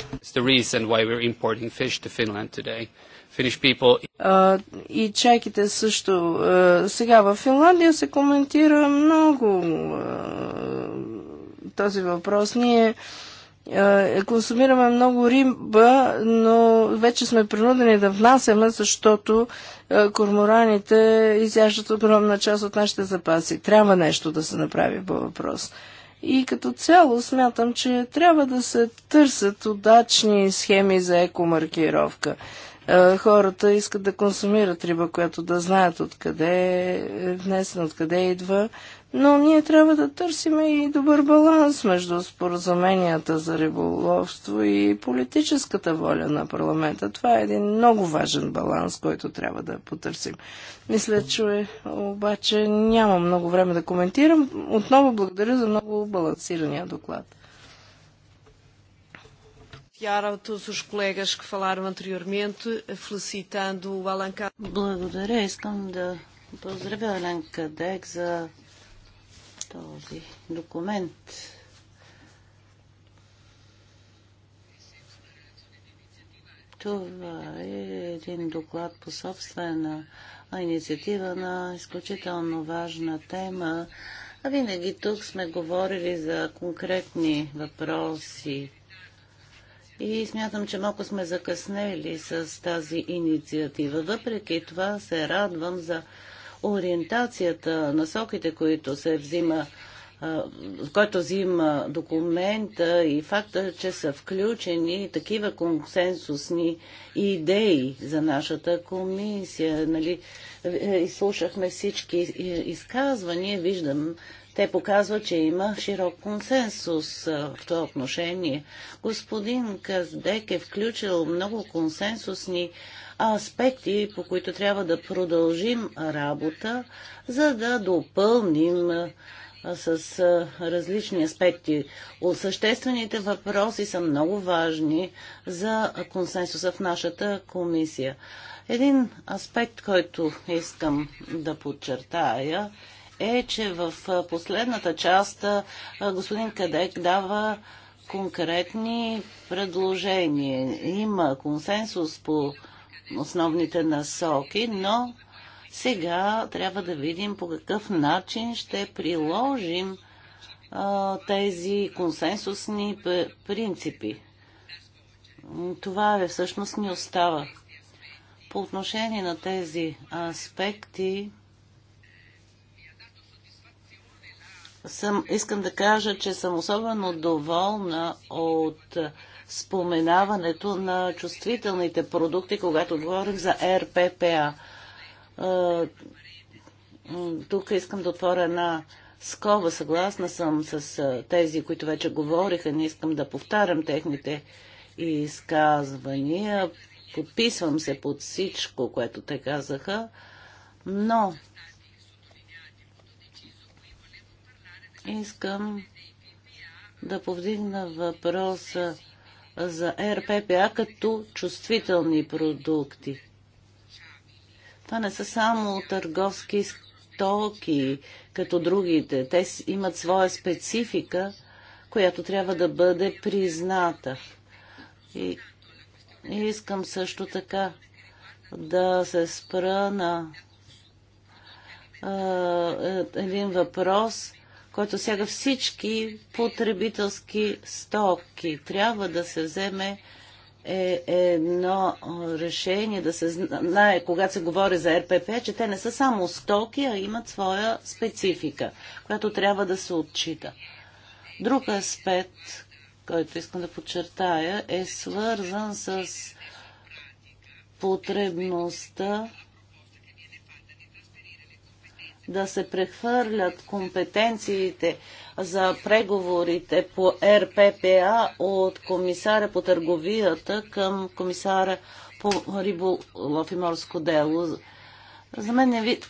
Uh, и чайките също. Uh, сега в Финландия се коментира много uh, този въпрос. Ние консумираме много риба, но вече сме принудени да внасяме, защото кормораните изяждат огромна част от нашите запаси. Трябва нещо да се направи по въпрос. И като цяло смятам, че трябва да се търсят удачни схеми за екомаркировка. Е, хората искат да консумират риба, която да знаят откъде е внесена, откъде идва но ние трябва да търсим и добър баланс между споразуменията за риболовство и политическата воля на парламента. Това е един много важен баланс, който трябва да потърсим. Мисля, че обаче няма много време да коментирам. Отново благодаря за много балансирания доклад. Благодаря. Искам да поздравя Еленка Дек за този документ. Това е един доклад по собствена инициатива на изключително важна тема. А винаги тук сме говорили за конкретни въпроси. И смятам, че малко сме закъснели с тази инициатива. Въпреки това се радвам за ориентацията, насоките, които се взима който взима документа и факта, че са включени такива консенсусни идеи за нашата комисия. Нали, е, изслушахме всички изказвания, виждам, те показват, че има широк консенсус в това отношение. Господин Каздек е включил много консенсусни аспекти, по които трябва да продължим работа, за да допълним с различни аспекти. Съществените въпроси са много важни за консенсуса в нашата комисия. Един аспект, който искам да подчертая, е, че в последната част господин Кадек дава конкретни предложения. Има консенсус по основните насоки, но сега трябва да видим по какъв начин ще приложим тези консенсусни принципи. Това е всъщност ни остава. По отношение на тези аспекти, съм, искам да кажа, че съм особено доволна от споменаването на чувствителните продукти, когато говорим за РППА. Е, тук искам да отворя една скова, Съгласна съм с е, тези, които вече говориха. Не искам да повтарям техните изказвания. Подписвам се под всичко, което те казаха. Но искам да повдигна въпроса за РППА като чувствителни продукти. Това не са само търговски стоки, като другите. Те имат своя специфика, която трябва да бъде призната. И, и искам също така да се спра на а, е, един въпрос, който сяга всички потребителски стоки. Трябва да се вземе е едно решение да се знае, когато се говори за РПП, че те не са само стоки, а имат своя специфика, която трябва да се отчита. Друг аспект, който искам да подчертая, е свързан с потребността да се прехвърлят компетенциите за преговорите по РППА от комисара по търговията към комисара по риболов и морско дело. За мен не, ви...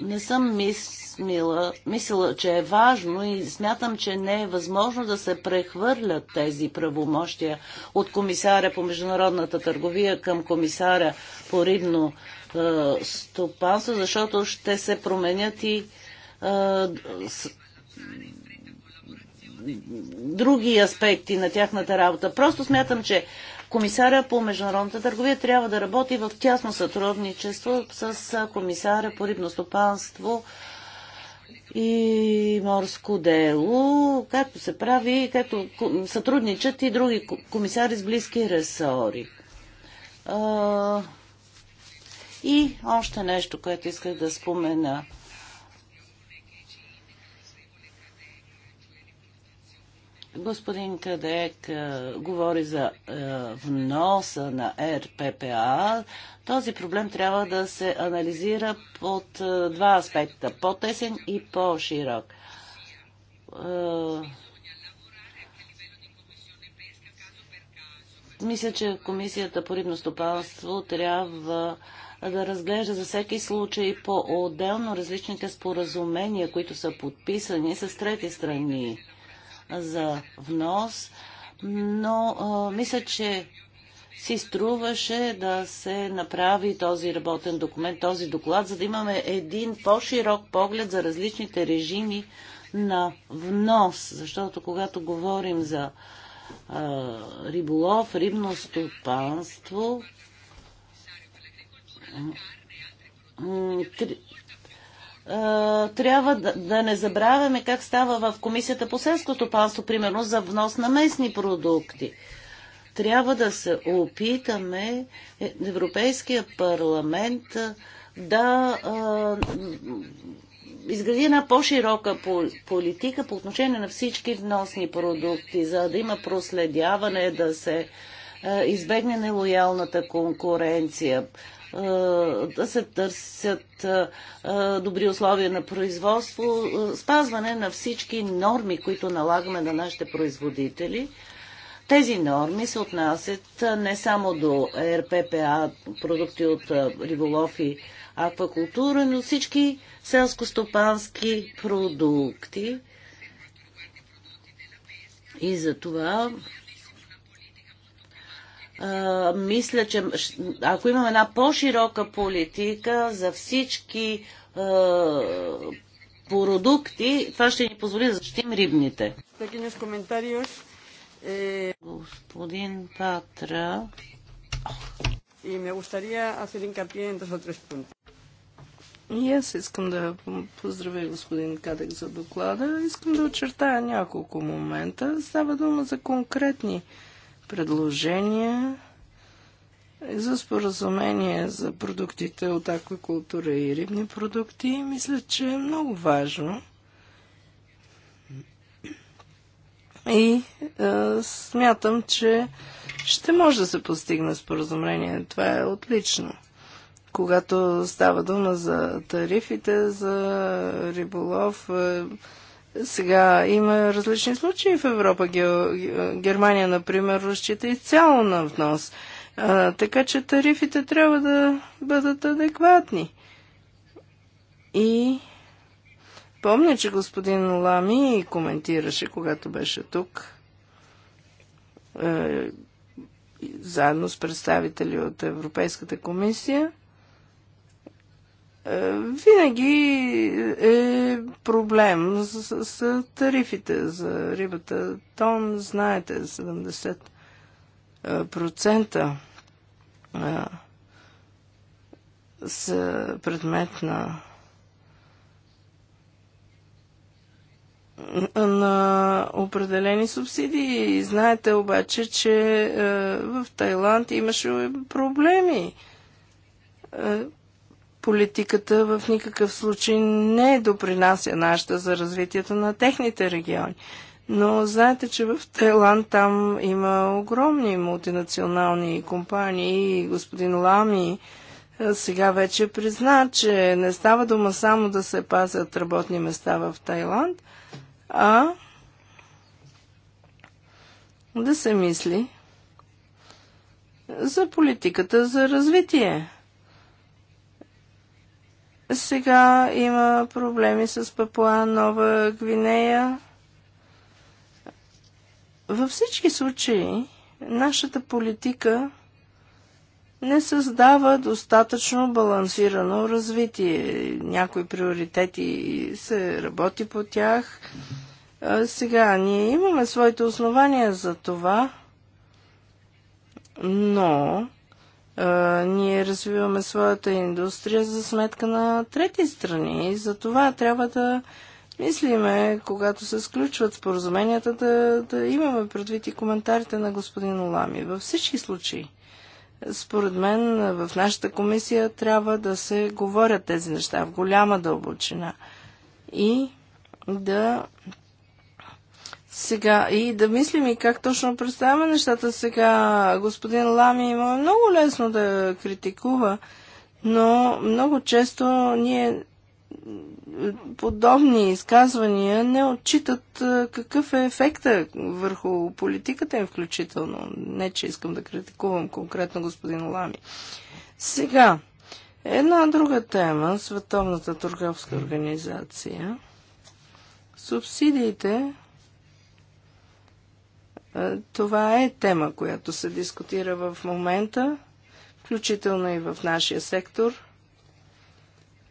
не съм мислила, мислила, че е важно и смятам, че не е възможно да се прехвърлят тези правомощия от комисаря по международната търговия към комисара по рибно е, стопанство, защото ще се променят и а, е, с, други аспекти на тяхната работа. Просто смятам, че комисаря по международната търговия трябва да работи в тясно сътрудничество с е, комисаря по рибно стопанство и морско дело, както се прави, както сътрудничат и други комисари с близки ресори. И още нещо, което исках да спомена. Господин Кадек е, говори за е, вноса на РППА. Този проблем трябва да се анализира под е, два аспекта по-тесен и по-широк. Е, мисля, че Комисията по рибно стопанство трябва да разглежда за всеки случай по-отделно различните споразумения, които са подписани с трети страни за внос, но а, мисля, че си струваше да се направи този работен документ, този доклад, за да имаме един по-широк поглед за различните режими на внос. Защото когато говорим за а, риболов, рибно стопанство, трябва да, да не забравяме как става в Комисията по селското панство, примерно за внос на местни продукти. Трябва да се опитаме е, Европейския парламент да а, изгради една по-широка политика по отношение на всички вносни продукти, за да има проследяване, да се избегне нелоялната конкуренция да се търсят добри условия на производство, спазване на всички норми, които налагаме на нашите производители. Тези норми се отнасят не само до РППА, продукти от риболов и аквакултура, но всички селско-стопански продукти. И за това мисля, че ако имаме една по-широка политика за всички а, продукти, това ще ни позволи да защитим рибните. Е, господин Патра. И ме gustaría hacer hincapié en dos o tres puntos. И аз искам да поздравя господин Кадек за доклада. Искам да очертая няколко момента. Става дума за конкретни предложения за споразумение за продуктите от аквакултура и рибни продукти. Мисля, че е много важно. И е, смятам, че ще може да се постигне споразумение. Това е отлично. Когато става дума за тарифите, за риболов, е, сега има различни случаи в Европа. Германия, например, разчита изцяло на внос. А, така че тарифите трябва да бъдат адекватни. И помня, че господин Лами коментираше, когато беше тук, е, заедно с представители от Европейската комисия, е, винаги е проблем с, с тарифите за рибата. Тон, знаете, 70% са предмет на на определени субсидии. Знаете обаче, че в Тайланд имаше проблеми политиката в никакъв случай не допринася нашата за развитието на техните региони. Но знаете, че в Тайланд там има огромни мултинационални компании. Господин Лами сега вече призна, че не става дума само да се пазят работни места в Тайланд, а да се мисли за политиката за развитие. Сега има проблеми с Папуа Нова Гвинея. Във всички случаи нашата политика не създава достатъчно балансирано развитие. Някои приоритети се работи по тях. Сега ние имаме своите основания за това, но ние развиваме своята индустрия за сметка на трети страни. И за това трябва да мислиме, когато се сключват споразуменията, да, да имаме предвид и коментарите на господин Олами. Във всички случаи, според мен, в нашата комисия трябва да се говорят тези неща в голяма дълбочина и да сега и да мислим и как точно представяме нещата сега. Господин Лами има много лесно да критикува, но много често ние подобни изказвания не отчитат какъв е ефекта върху политиката им включително. Не, че искам да критикувам конкретно господин Лами. Сега, една друга тема, Световната търговска организация. Субсидиите е, това е тема, която се дискутира в момента, включително и в нашия сектор.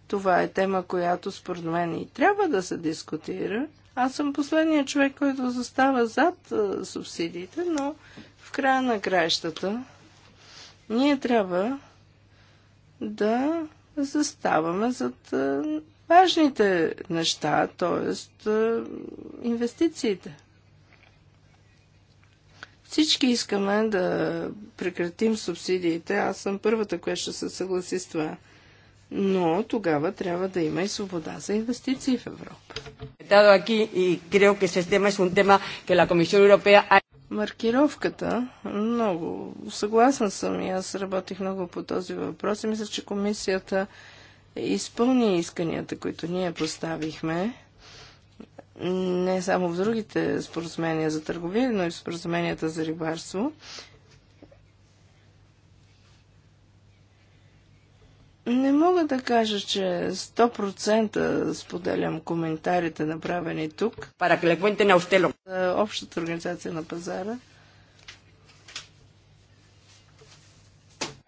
Това е тема, която според мен и трябва да се дискутира. Аз съм последният човек, който застава зад е, субсидиите, но в края на краищата ние трябва да заставаме зад е, важните неща, т.е. инвестициите. Всички искаме да прекратим субсидиите. Аз съм първата, която ще се съгласи с това. Но тогава трябва да има и свобода за инвестиции в Европа. Е Маркировката, много съгласна съм и аз работих много по този въпрос и мисля, че комисията изпълни исканията, които ние поставихме не само в другите споразумения за търговия, но и в споразуменията за рибарство. Не мога да кажа, че 100% споделям коментарите направени тук. Para que le cuenten a Общата организация на пазара.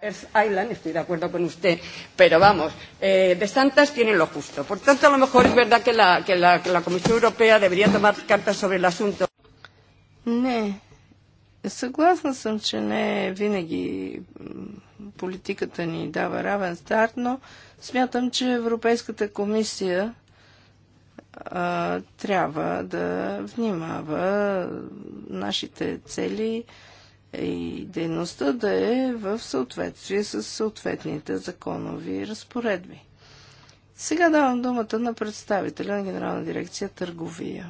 Earth Island, estoy de acuerdo con usted, pero vamos, eh, de santas tienen lo justo. Por tanto, a lo mejor es verdad que la, que la, que la Comisión Europea debería tomar cartas sobre el asunto. Не, съгласна съм, че не винаги политиката ни дава равен старт, но смятам, че Европейската комисия а, трябва да внимава нашите цели, а, и дейността да е в съответствие с съответните законови разпоредби. Сега давам думата на представителя на Генерална дирекция Търговия.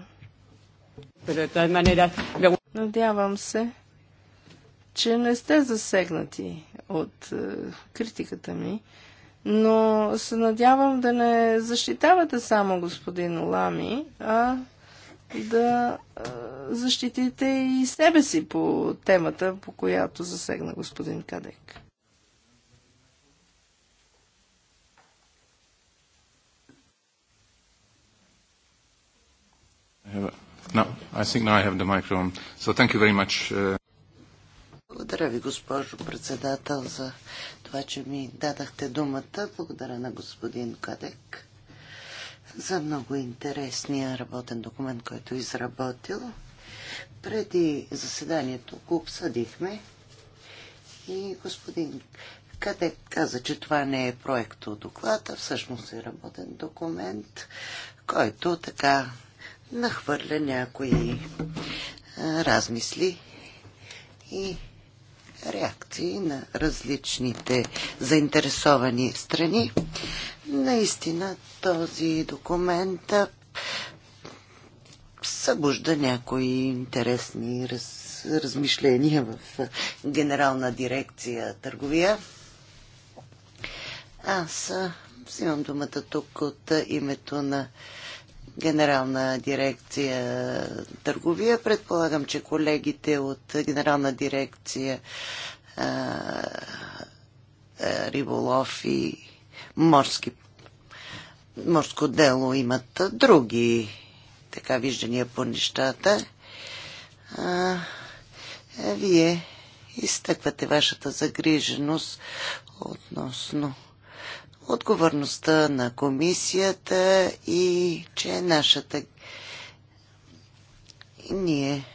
Надявам се, че не сте засегнати от е, критиката ми, но се надявам да не защитавате само господин Лами, а да защитите и себе си по темата, по която засегна господин Кадек. No, I think now I have the microphone. So thank you very much. Uh, Благодаря ви, госпожо председател, за това, че ми дадахте думата. Благодаря на господин Кадек за много интересния работен документ, който е изработил. Преди заседанието го обсъдихме и господин Кадек каза, че това не е проект от доклада, всъщност е работен документ, който така нахвърля някои размисли и реакции на различните заинтересовани страни. Наистина този документ събужда някои интересни раз, размишления в Генерална дирекция търговия. Аз взимам думата тук от името на Генерална дирекция търговия. Предполагам, че колегите от Генерална дирекция а, риболов и морски, морско дело имат други така виждания по нещата. А, вие изтъквате вашата загриженост относно отговорността на комисията и че е нашата и ние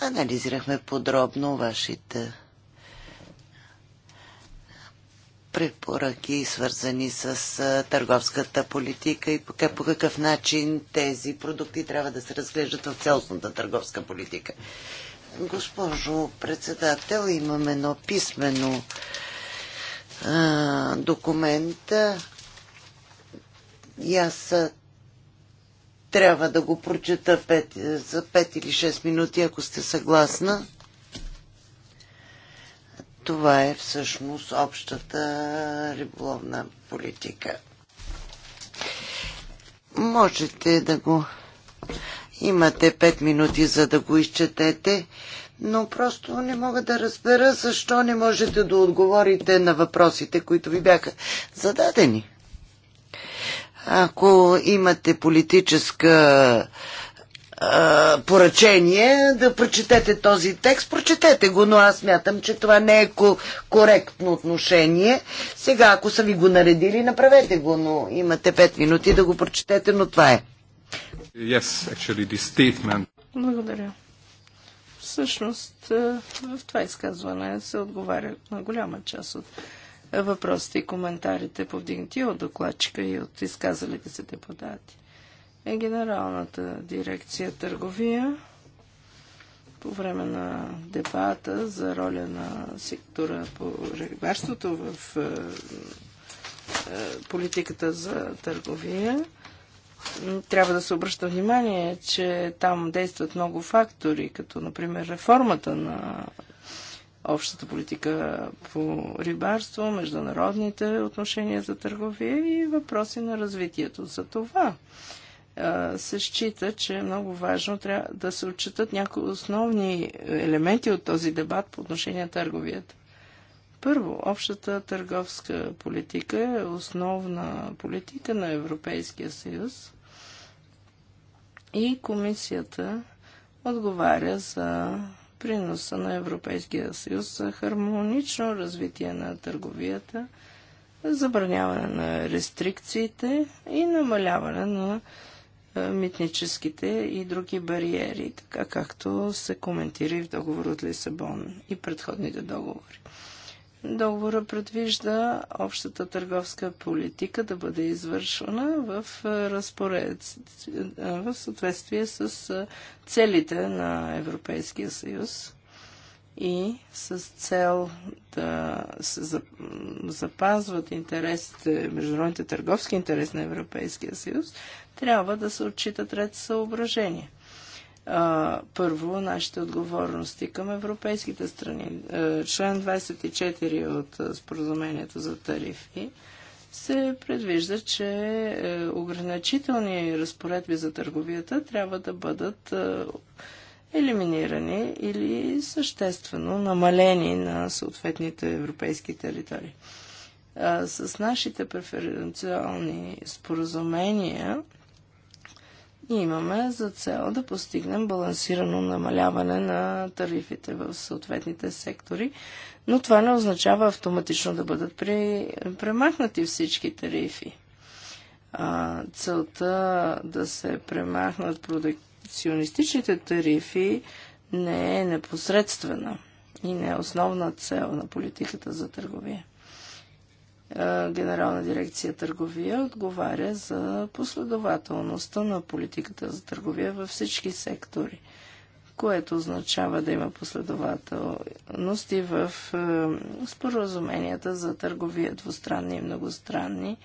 анализирахме подробно вашите препоръки, свързани с търговската политика и по какъв начин тези продукти трябва да се разглеждат в цялостната търговска политика. Госпожо председател, имаме едно писмено документа и аз трябва да го прочета за 5 или 6 минути, ако сте съгласна. Това е всъщност общата риболовна политика. Можете да го... Имате 5 минути, за да го изчетете но просто не мога да разбера защо не можете да отговорите на въпросите, които ви бяха зададени. Ако имате политическа а, поръчение да прочетете този текст, прочетете го, но аз мятам, че това не е коректно отношение. Сега, ако са ви го наредили, направете го, но имате 5 минути да го прочетете, но това е. Yes, actually, this statement... Благодаря. Всъщност е, в това изказване се отговаря на голяма част от въпросите и коментарите повдигнати от докладчика и от изказалите се депутати. Е Генералната дирекция търговия по време на дебата за роля на сектора по рибарството в е, е, политиката за търговия трябва да се обръща внимание, че там действат много фактори, като например реформата на общата политика по рибарство, международните отношения за търговия и въпроси на развитието. За това се счита, че е много важно трябва да се отчитат някои основни елементи от този дебат по отношение на търговията. Първо, общата търговска политика е основна политика на Европейския съюз и комисията отговаря за приноса на Европейския съюз за хармонично развитие на търговията, забраняване на рестрикциите и намаляване на е, митническите и други бариери, така както се коментира и в договор от Лисабон и предходните договори. Договора предвижда общата търговска политика да бъде извършвана в, разпоред, в съответствие с целите на Европейския съюз и с цел да се запазват интересите, международните търговски интереси на Европейския съюз, трябва да се отчитат ред съображения – а, първо нашите отговорности към европейските страни. А, член 24 от споразумението за тарифи се предвижда, че е, ограничителни разпоредби за търговията трябва да бъдат елиминирани или съществено намалени на съответните европейски територии. с нашите преференциални споразумения ние имаме за цел да постигнем балансирано намаляване на тарифите в съответните сектори, но това не означава автоматично да бъдат премахнати всички тарифи. А, целта да се премахнат продукционистичните тарифи не е непосредствена и не е основна цел на политиката за търговия. Е, Генерална дирекция търговия отговаря за последователността на политиката за търговия във всички сектори, което означава да има последователност и в е, споразуменията за търговия двустранни и многостранни,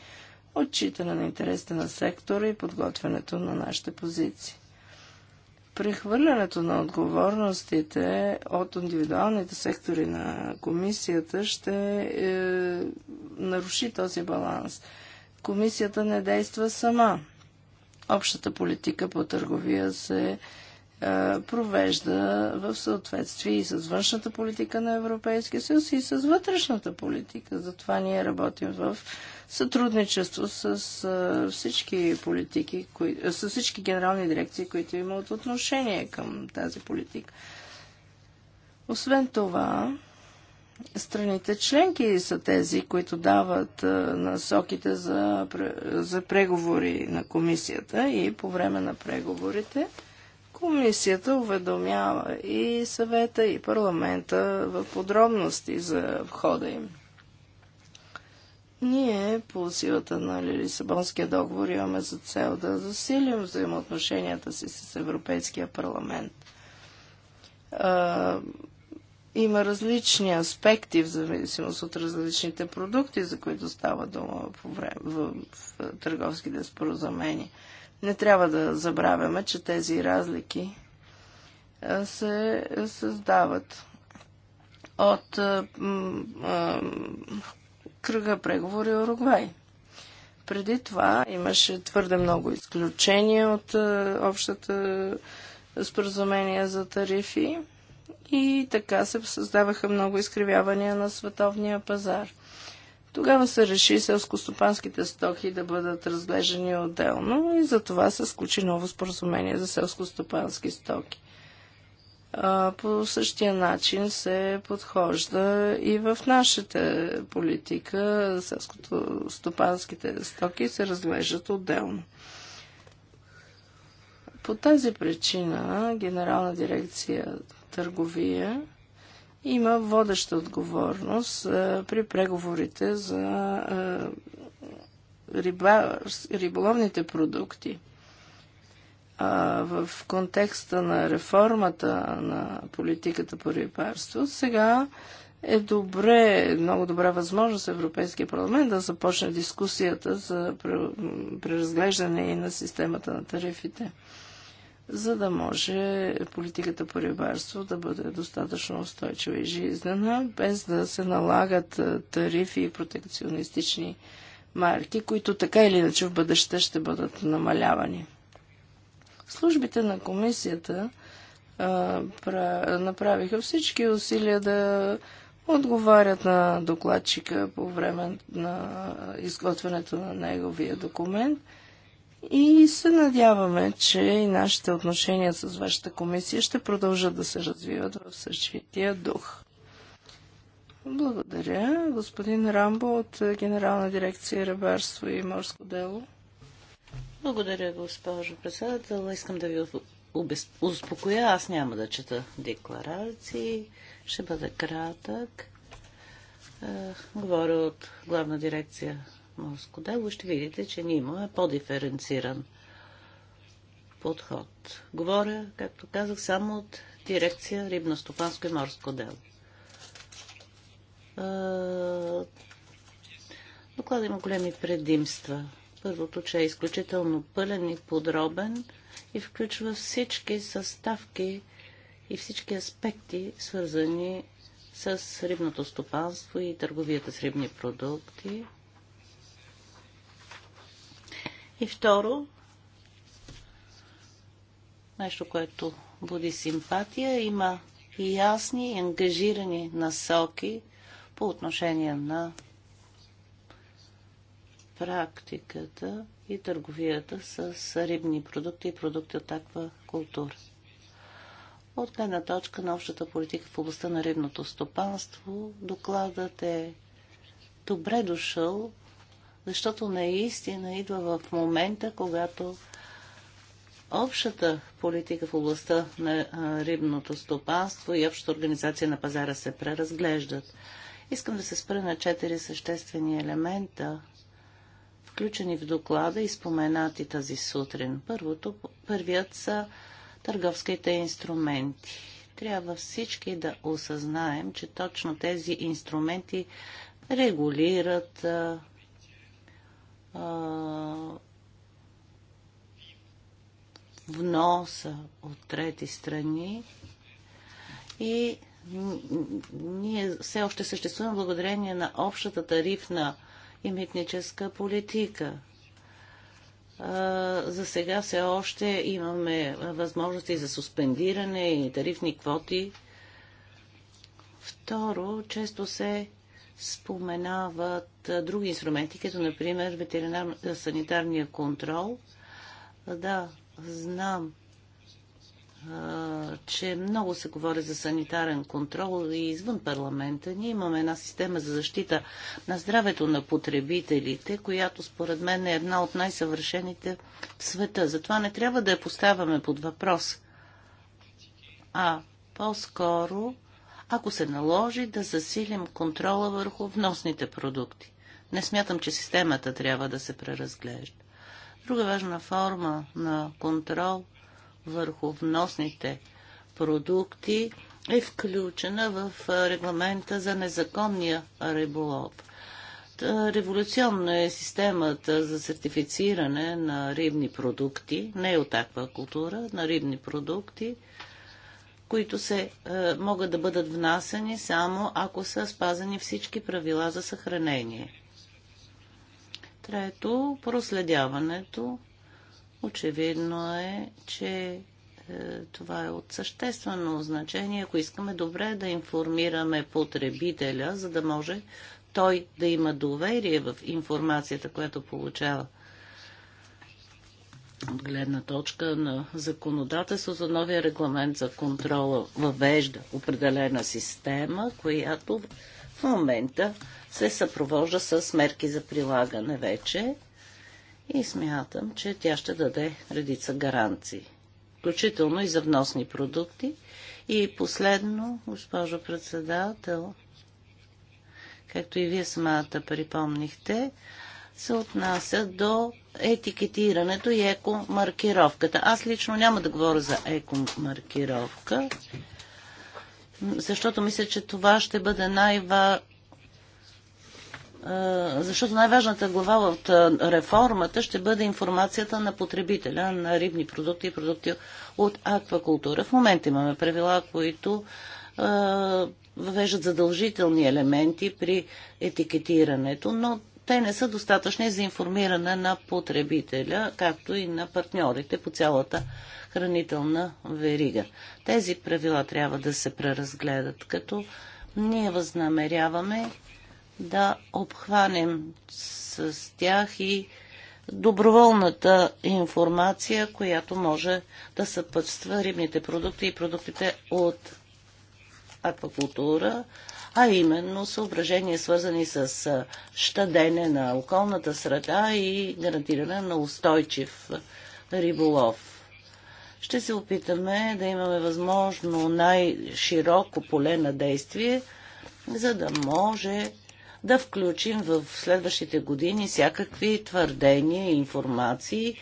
отчитане на интересите на сектора и подготвянето на нашите позиции. Прехвърлянето на отговорностите от индивидуалните сектори на комисията ще е, наруши този баланс. Комисията не действа сама. Общата политика по търговия се е, е, провежда в съответствие и с външната политика на Европейския съюз и с вътрешната политика. Затова ние работим в сътрудничество с е, всички политики, кои, е, с всички генерални дирекции, които имат отношение към тази политика. Освен това, страните членки са тези, които дават насоките за, за преговори на комисията и по време на преговорите – Комисията уведомява и съвета, и парламента в подробности за входа им. Ние по силата на Лисабонския договор имаме за цел да засилим взаимоотношенията си с Европейския парламент. А, има различни аспекти в зависимост от различните продукти, за които става дума по време, в, в, в търговските споразумения. Не трябва да забравяме, че тези разлики се създават от кръга преговори Уругвай. Преди това имаше твърде много изключения от общата споразумение за тарифи и така се създаваха много изкривявания на световния пазар. Тогава се реши селско-стопанските стоки да бъдат разглеждани отделно и за това се сключи ново споразумение за селско-стопански стоки. А, по същия начин се подхожда и в нашата политика селско-стопанските стоки се разглеждат отделно. По тази причина Генерална дирекция търговия има водеща отговорност при преговорите за риболовните продукти. в контекста на реформата на политиката по рибарство, сега е добре, много добра възможност Европейския парламент да започне дискусията за преразглеждане и на системата на тарифите за да може политиката по рибарство да бъде достатъчно устойчива и жизнена, без да се налагат тарифи и протекционистични марки, които така или иначе в бъдеще ще бъдат намалявани. Службите на комисията а, направиха всички усилия да отговарят на докладчика по време на изготвянето на неговия документ – и се надяваме, че и нашите отношения с вашата комисия ще продължат да се развиват в същия дух. Благодаря. Господин Рамбо от Генерална дирекция Ребарство и морско дело. Благодаря, госпожо председател. Искам да ви успокоя. Аз няма да чета декларации. Ще бъда кратък. Е, говоря от главна дирекция морско дело, ще видите, че ние имаме по-диференциран подход. Говоря, както казах, само от дирекция Рибно стопанско и морско дело. Доклада има големи предимства. Първото, че е изключително пълен и подробен и включва всички съставки и всички аспекти, свързани с рибното стопанство и търговията с рибни продукти. И второ, нещо, което буди симпатия, има и ясни и ангажирани насоки по отношение на практиката и търговията с рибни продукти и продукти от таква култура. От гледна точка на общата политика в областта на рибното стопанство, докладът е добре дошъл защото наистина идва в момента, когато общата политика в областта на рибното стопанство и общата организация на пазара се преразглеждат. Искам да се спра на четири съществени елемента, включени в доклада и споменати тази сутрин. Първото, първият са търговските инструменти. Трябва всички да осъзнаем, че точно тези инструменти регулират вноса от трети страни и ние все още съществуваме благодарение на общата тарифна и митническа политика. За сега все още имаме възможности за суспендиране и тарифни квоти. Второ, често се споменават други инструменти, като например ветеринарно-санитарния контрол. Да, знам, че много се говори за санитарен контрол и извън парламента. Ние имаме една система за защита на здравето на потребителите, която според мен е една от най-съвършените в света. Затова не трябва да я поставяме под въпрос, а по-скоро ако се наложи да засилим контрола върху вносните продукти. Не смятам, че системата трябва да се преразглежда. Друга важна форма на контрол върху вносните продукти е включена в регламента за незаконния риболов. Революционна е системата за сертифициране на рибни продукти, не е от аквакултура, на рибни продукти – които се, е, могат да бъдат внасени само ако са спазени всички правила за съхранение. Трето, проследяването. Очевидно е, че е, това е от съществено значение, ако искаме добре да информираме потребителя, за да може той да има доверие в информацията, която получава от гледна точка на законодателство за новия регламент за контрола въвежда определена система, която в момента се съпровожда с мерки за прилагане вече и смятам, че тя ще даде редица гаранции, включително и за вносни продукти. И последно, госпожо председател, както и вие самата припомнихте, се отнася до етикетирането и екомаркировката. Аз лично няма да говоря за екомаркировка, защото мисля, че това ще бъде най-ва... Защото най-важната глава от реформата ще бъде информацията на потребителя на рибни продукти и продукти от аквакултура. В момента имаме правила, които въвеждат задължителни елементи при етикетирането, но те не са достатъчни за информиране на потребителя, както и на партньорите по цялата хранителна верига. Тези правила трябва да се преразгледат, като ние възнамеряваме да обхванем с тях и доброволната информация, която може да съпътства рибните продукти и продуктите от аквакултура, а именно съображения свързани с щадене на околната среда и гарантиране на устойчив риболов. Ще се опитаме да имаме възможно най-широко поле на действие, за да може да включим в следващите години всякакви твърдения и информации,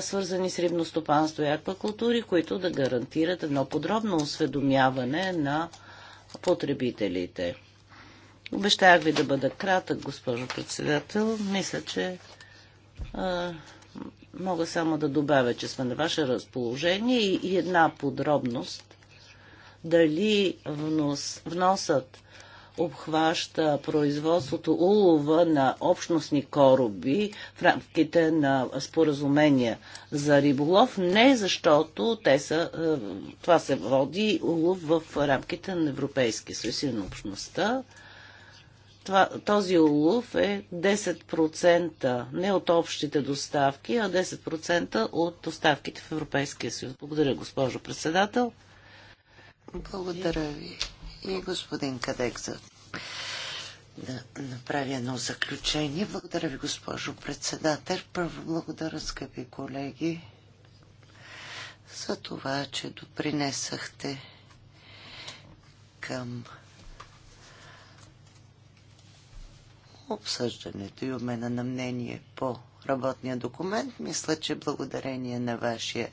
свързани с рибностопанство и аквакултури, които да гарантират едно подробно осведомяване на потребителите. Обещах ви да бъда кратък, госпожо председател. Мисля, че а, мога само да добавя, че сме на ваше разположение и, и една подробност. Дали внос, вносът обхваща производството улова на общностни кораби в рамките на споразумения за риболов, не защото те са, е, това се води улов в рамките на Европейския съюз и на общността. Това, този улов е 10% не от общите доставки, а 10% от доставките в Европейския съюз. Благодаря, госпожо председател. Благодаря ви и господин Кадек за да направя едно заключение. Благодаря ви, госпожо председател. Първо благодаря, скъпи колеги, за това, че допринесахте към обсъждането и обмена на мнение по работния документ. Мисля, че благодарение на вашия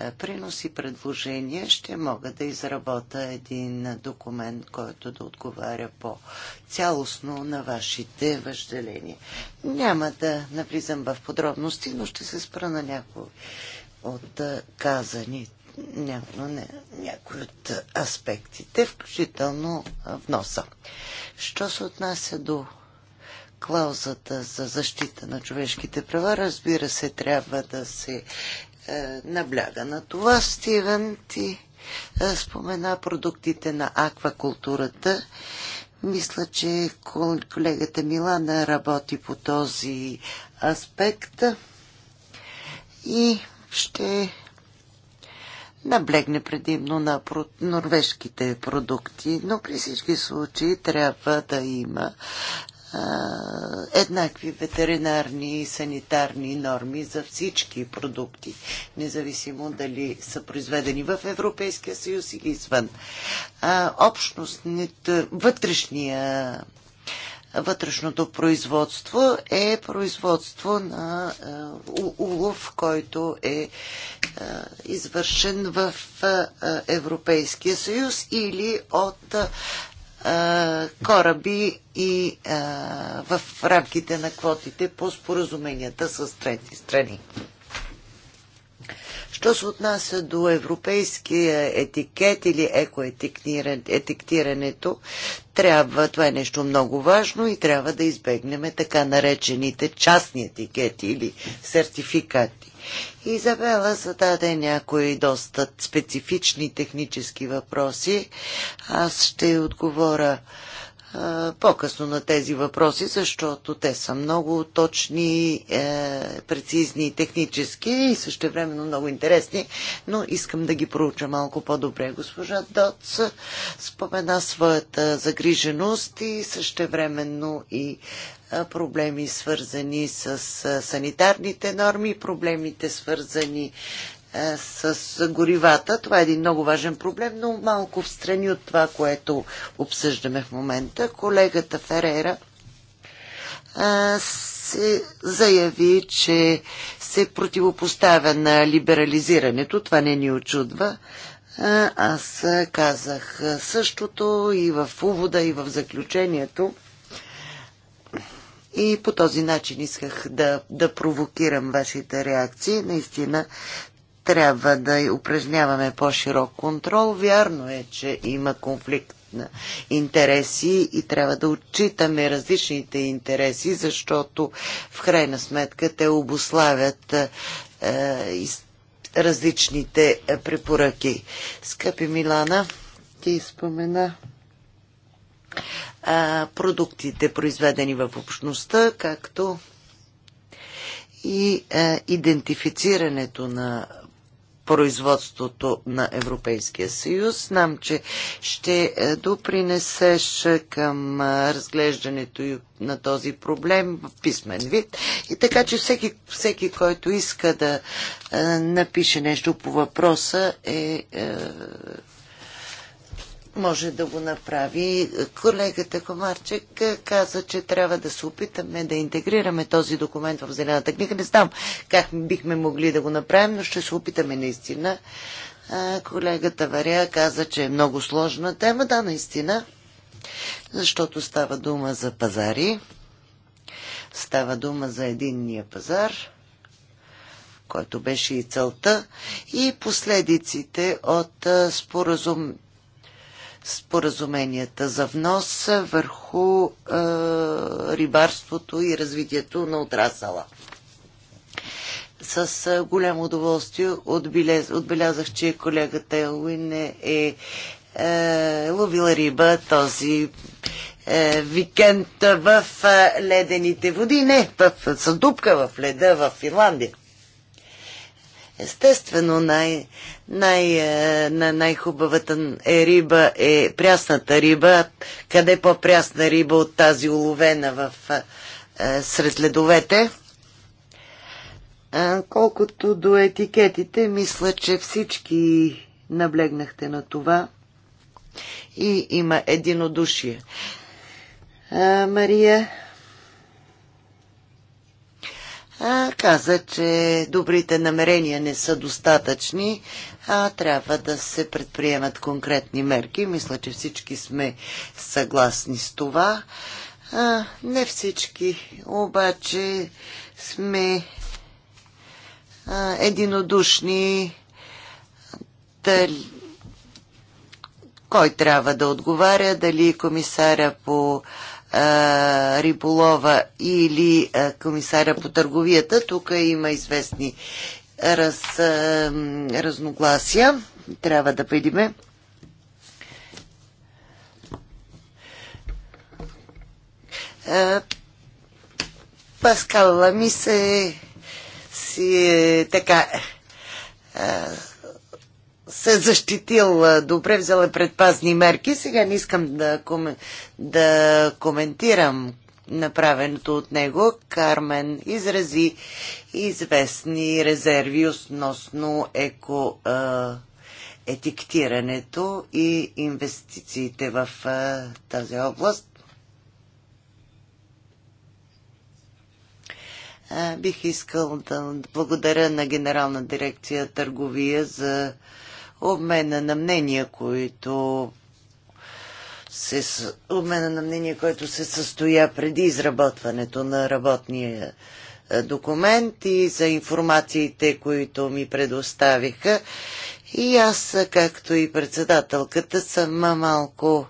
е, принос и предложения ще мога да изработя един документ, който да отговаря по-цялостно на вашите въжделения. Няма да навлизам в подробности, но ще се спра на някои от е, казани, някои, някои от аспектите, включително е, вноса. Що се отнася до клаузата за защита на човешките права, разбира се, трябва да се е, набляга на това. Стивен ти е, спомена продуктите на аквакултурата. Мисля, че колегата Милана работи по този аспект и ще наблегне предимно на норвежките продукти, но при всички случаи трябва да има еднакви ветеринарни и санитарни норми за всички продукти, независимо дали са произведени в Европейския съюз или извън. общностните, вътрешния вътрешното производство е производство на улов, който е извършен в Европейския съюз или от кораби и в рамките на квотите по споразуменията с трети страни. Що се отнася до европейския етикет или екоетиктирането, трябва, това е нещо много важно и трябва да избегнем така наречените частни етикети или сертификати. Изабела зададе някои доста специфични технически въпроси. Аз ще отговоря по-късно на тези въпроси, защото те са много точни, е, прецизни технически и също времено много интересни, но искам да ги проуча малко по-добре. Госпожа Доц спомена своята загриженост и също времено и е, проблеми свързани с санитарните норми, проблемите свързани с горивата. Това е един много важен проблем, но малко в страни от това, което обсъждаме в момента. Колегата Ферера се заяви, че се противопоставя на либерализирането. Това не ни очудва. Аз казах същото и в увода, и в заключението и по този начин исках да, да провокирам вашите реакции. Наистина трябва да упражняваме по-широк контрол. Вярно е, че има конфликт на интереси и трябва да отчитаме различните интереси, защото в крайна сметка те обославят е, различните препоръки. Скъпи Милана, ти спомена а, продуктите, произведени в общността, както и а, идентифицирането на производството на Европейския съюз. Знам, че ще допринесеш към разглеждането на този проблем в писмен вид. И така, че всеки, всеки който иска да напише нещо по въпроса, е, е може да го направи. Колегата Комарчек каза, че трябва да се опитаме да интегрираме този документ в Зелената книга. Не знам как бихме могли да го направим, но ще се опитаме наистина. Колегата Варя каза, че е много сложна тема. Да, наистина, защото става дума за пазари, става дума за единния пазар който беше и целта, и последиците от споразум, споразуменията за внос върху е, рибарството и развитието на отрасала. С е, голямо удоволствие отбелязах, че колегата Елвин е, е, е ловила риба този е, викенд в е, ледените води, не, в, с дупка в леда в Ирландия. Естествено, най, най, е, най, най-хубавата е риба е прясната риба. Къде по-прясна риба от тази уловена в, е, е сред ледовете? колкото до етикетите, мисля, че всички наблегнахте на това и има единодушие. А, Мария, а, каза, че добрите намерения не са достатъчни, а трябва да се предприемат конкретни мерки. Мисля, че всички сме съгласни с това. А, не всички, обаче сме а, единодушни дали, кой трябва да отговаря, дали комисаря по а, риболова или комисаря по търговията. Тук има известни раз, разногласия. Трябва да видиме. Паскал ми се си е така се защитил добре, взел е предпазни мерки. Сега не искам да, коме, да коментирам направеното от него. Кармен изрази известни резерви относно еко е, етиктирането и инвестициите в е, тази област. бих искал да благодаря на Генерална дирекция търговия за обмена на мнения, които се, обмена на мнение, който се състоя преди изработването на работния е, документ и за информациите, които ми предоставиха. И аз, както и председателката, съм малко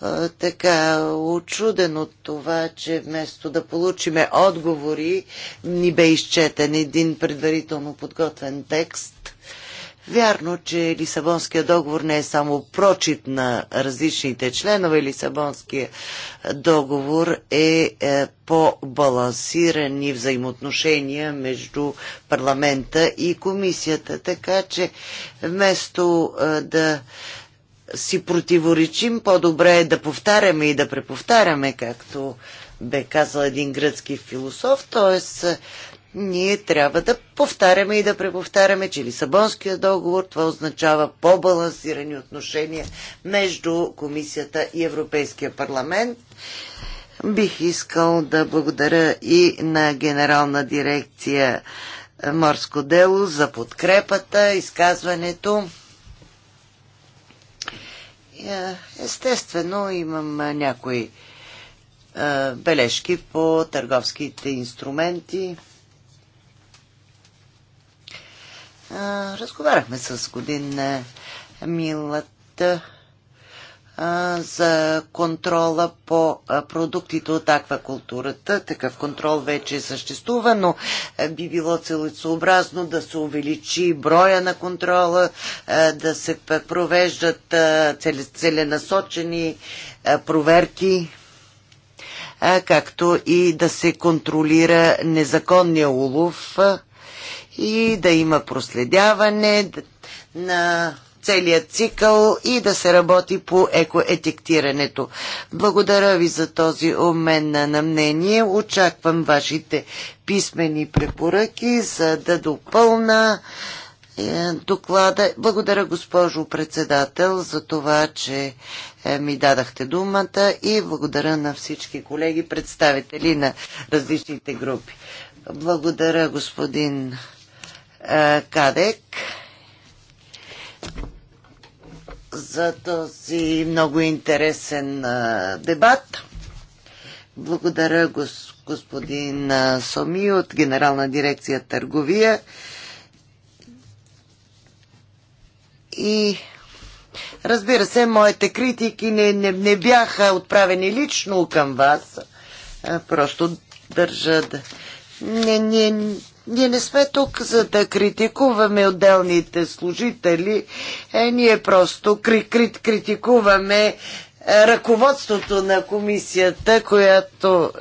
а, е, така очуден от това, че вместо да получиме отговори, ни бе изчетен един предварително подготвен текст Вярно, че Лисабонския договор не е само прочит на различните членове. Лисабонския договор е, е по-балансирани взаимоотношения между парламента и комисията. Така че вместо е, да си противоречим, по-добре е да повтаряме и да преповтаряме, както бе казал един гръцки философ, т.е ние трябва да повтаряме и да преповтаряме, че Лисабонския договор това означава по-балансирани отношения между Комисията и Европейския парламент. Бих искал да благодаря и на генерална дирекция е, Морско дело за подкрепата, изказването. Е, естествено, имам някои е, бележки по търговските инструменти. разговаряхме с годин Милата за контрола по продуктите от аквакултурата. Такъв контрол вече съществува, но би било целесообразно да се увеличи броя на контрола, да се провеждат целенасочени проверки както и да се контролира незаконния улов и да има проследяване на целият цикъл и да се работи по екоетектирането. Благодаря ви за този обмен на мнение. Очаквам вашите писмени препоръки, за да допълна е, доклада. Благодаря, госпожо председател, за това, че е, ми дадахте думата и благодаря на всички колеги, представители на различните групи. Благодаря, господин е, Кадек за този много интересен е, дебат. Благодаря господин е, Соми от Генерална дирекция Търговия и Разбира се, моите критики не, не, не бяха отправени лично към вас. просто държа да... Не, не, ние не сме тук за да критикуваме отделните служители, е, ние просто кри- кри- критикуваме е, ръководството на комисията, която,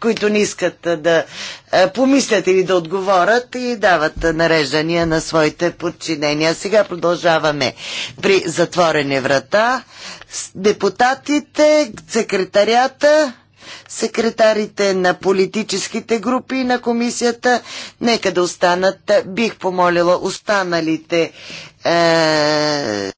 които не искат да е, помислят или да отговорят и дават нареждания на своите подчинения. Сега продължаваме при затворени врата. Депутатите, секретарята, секретарите на политическите групи на комисията. Нека да останат. Бих помолила останалите е,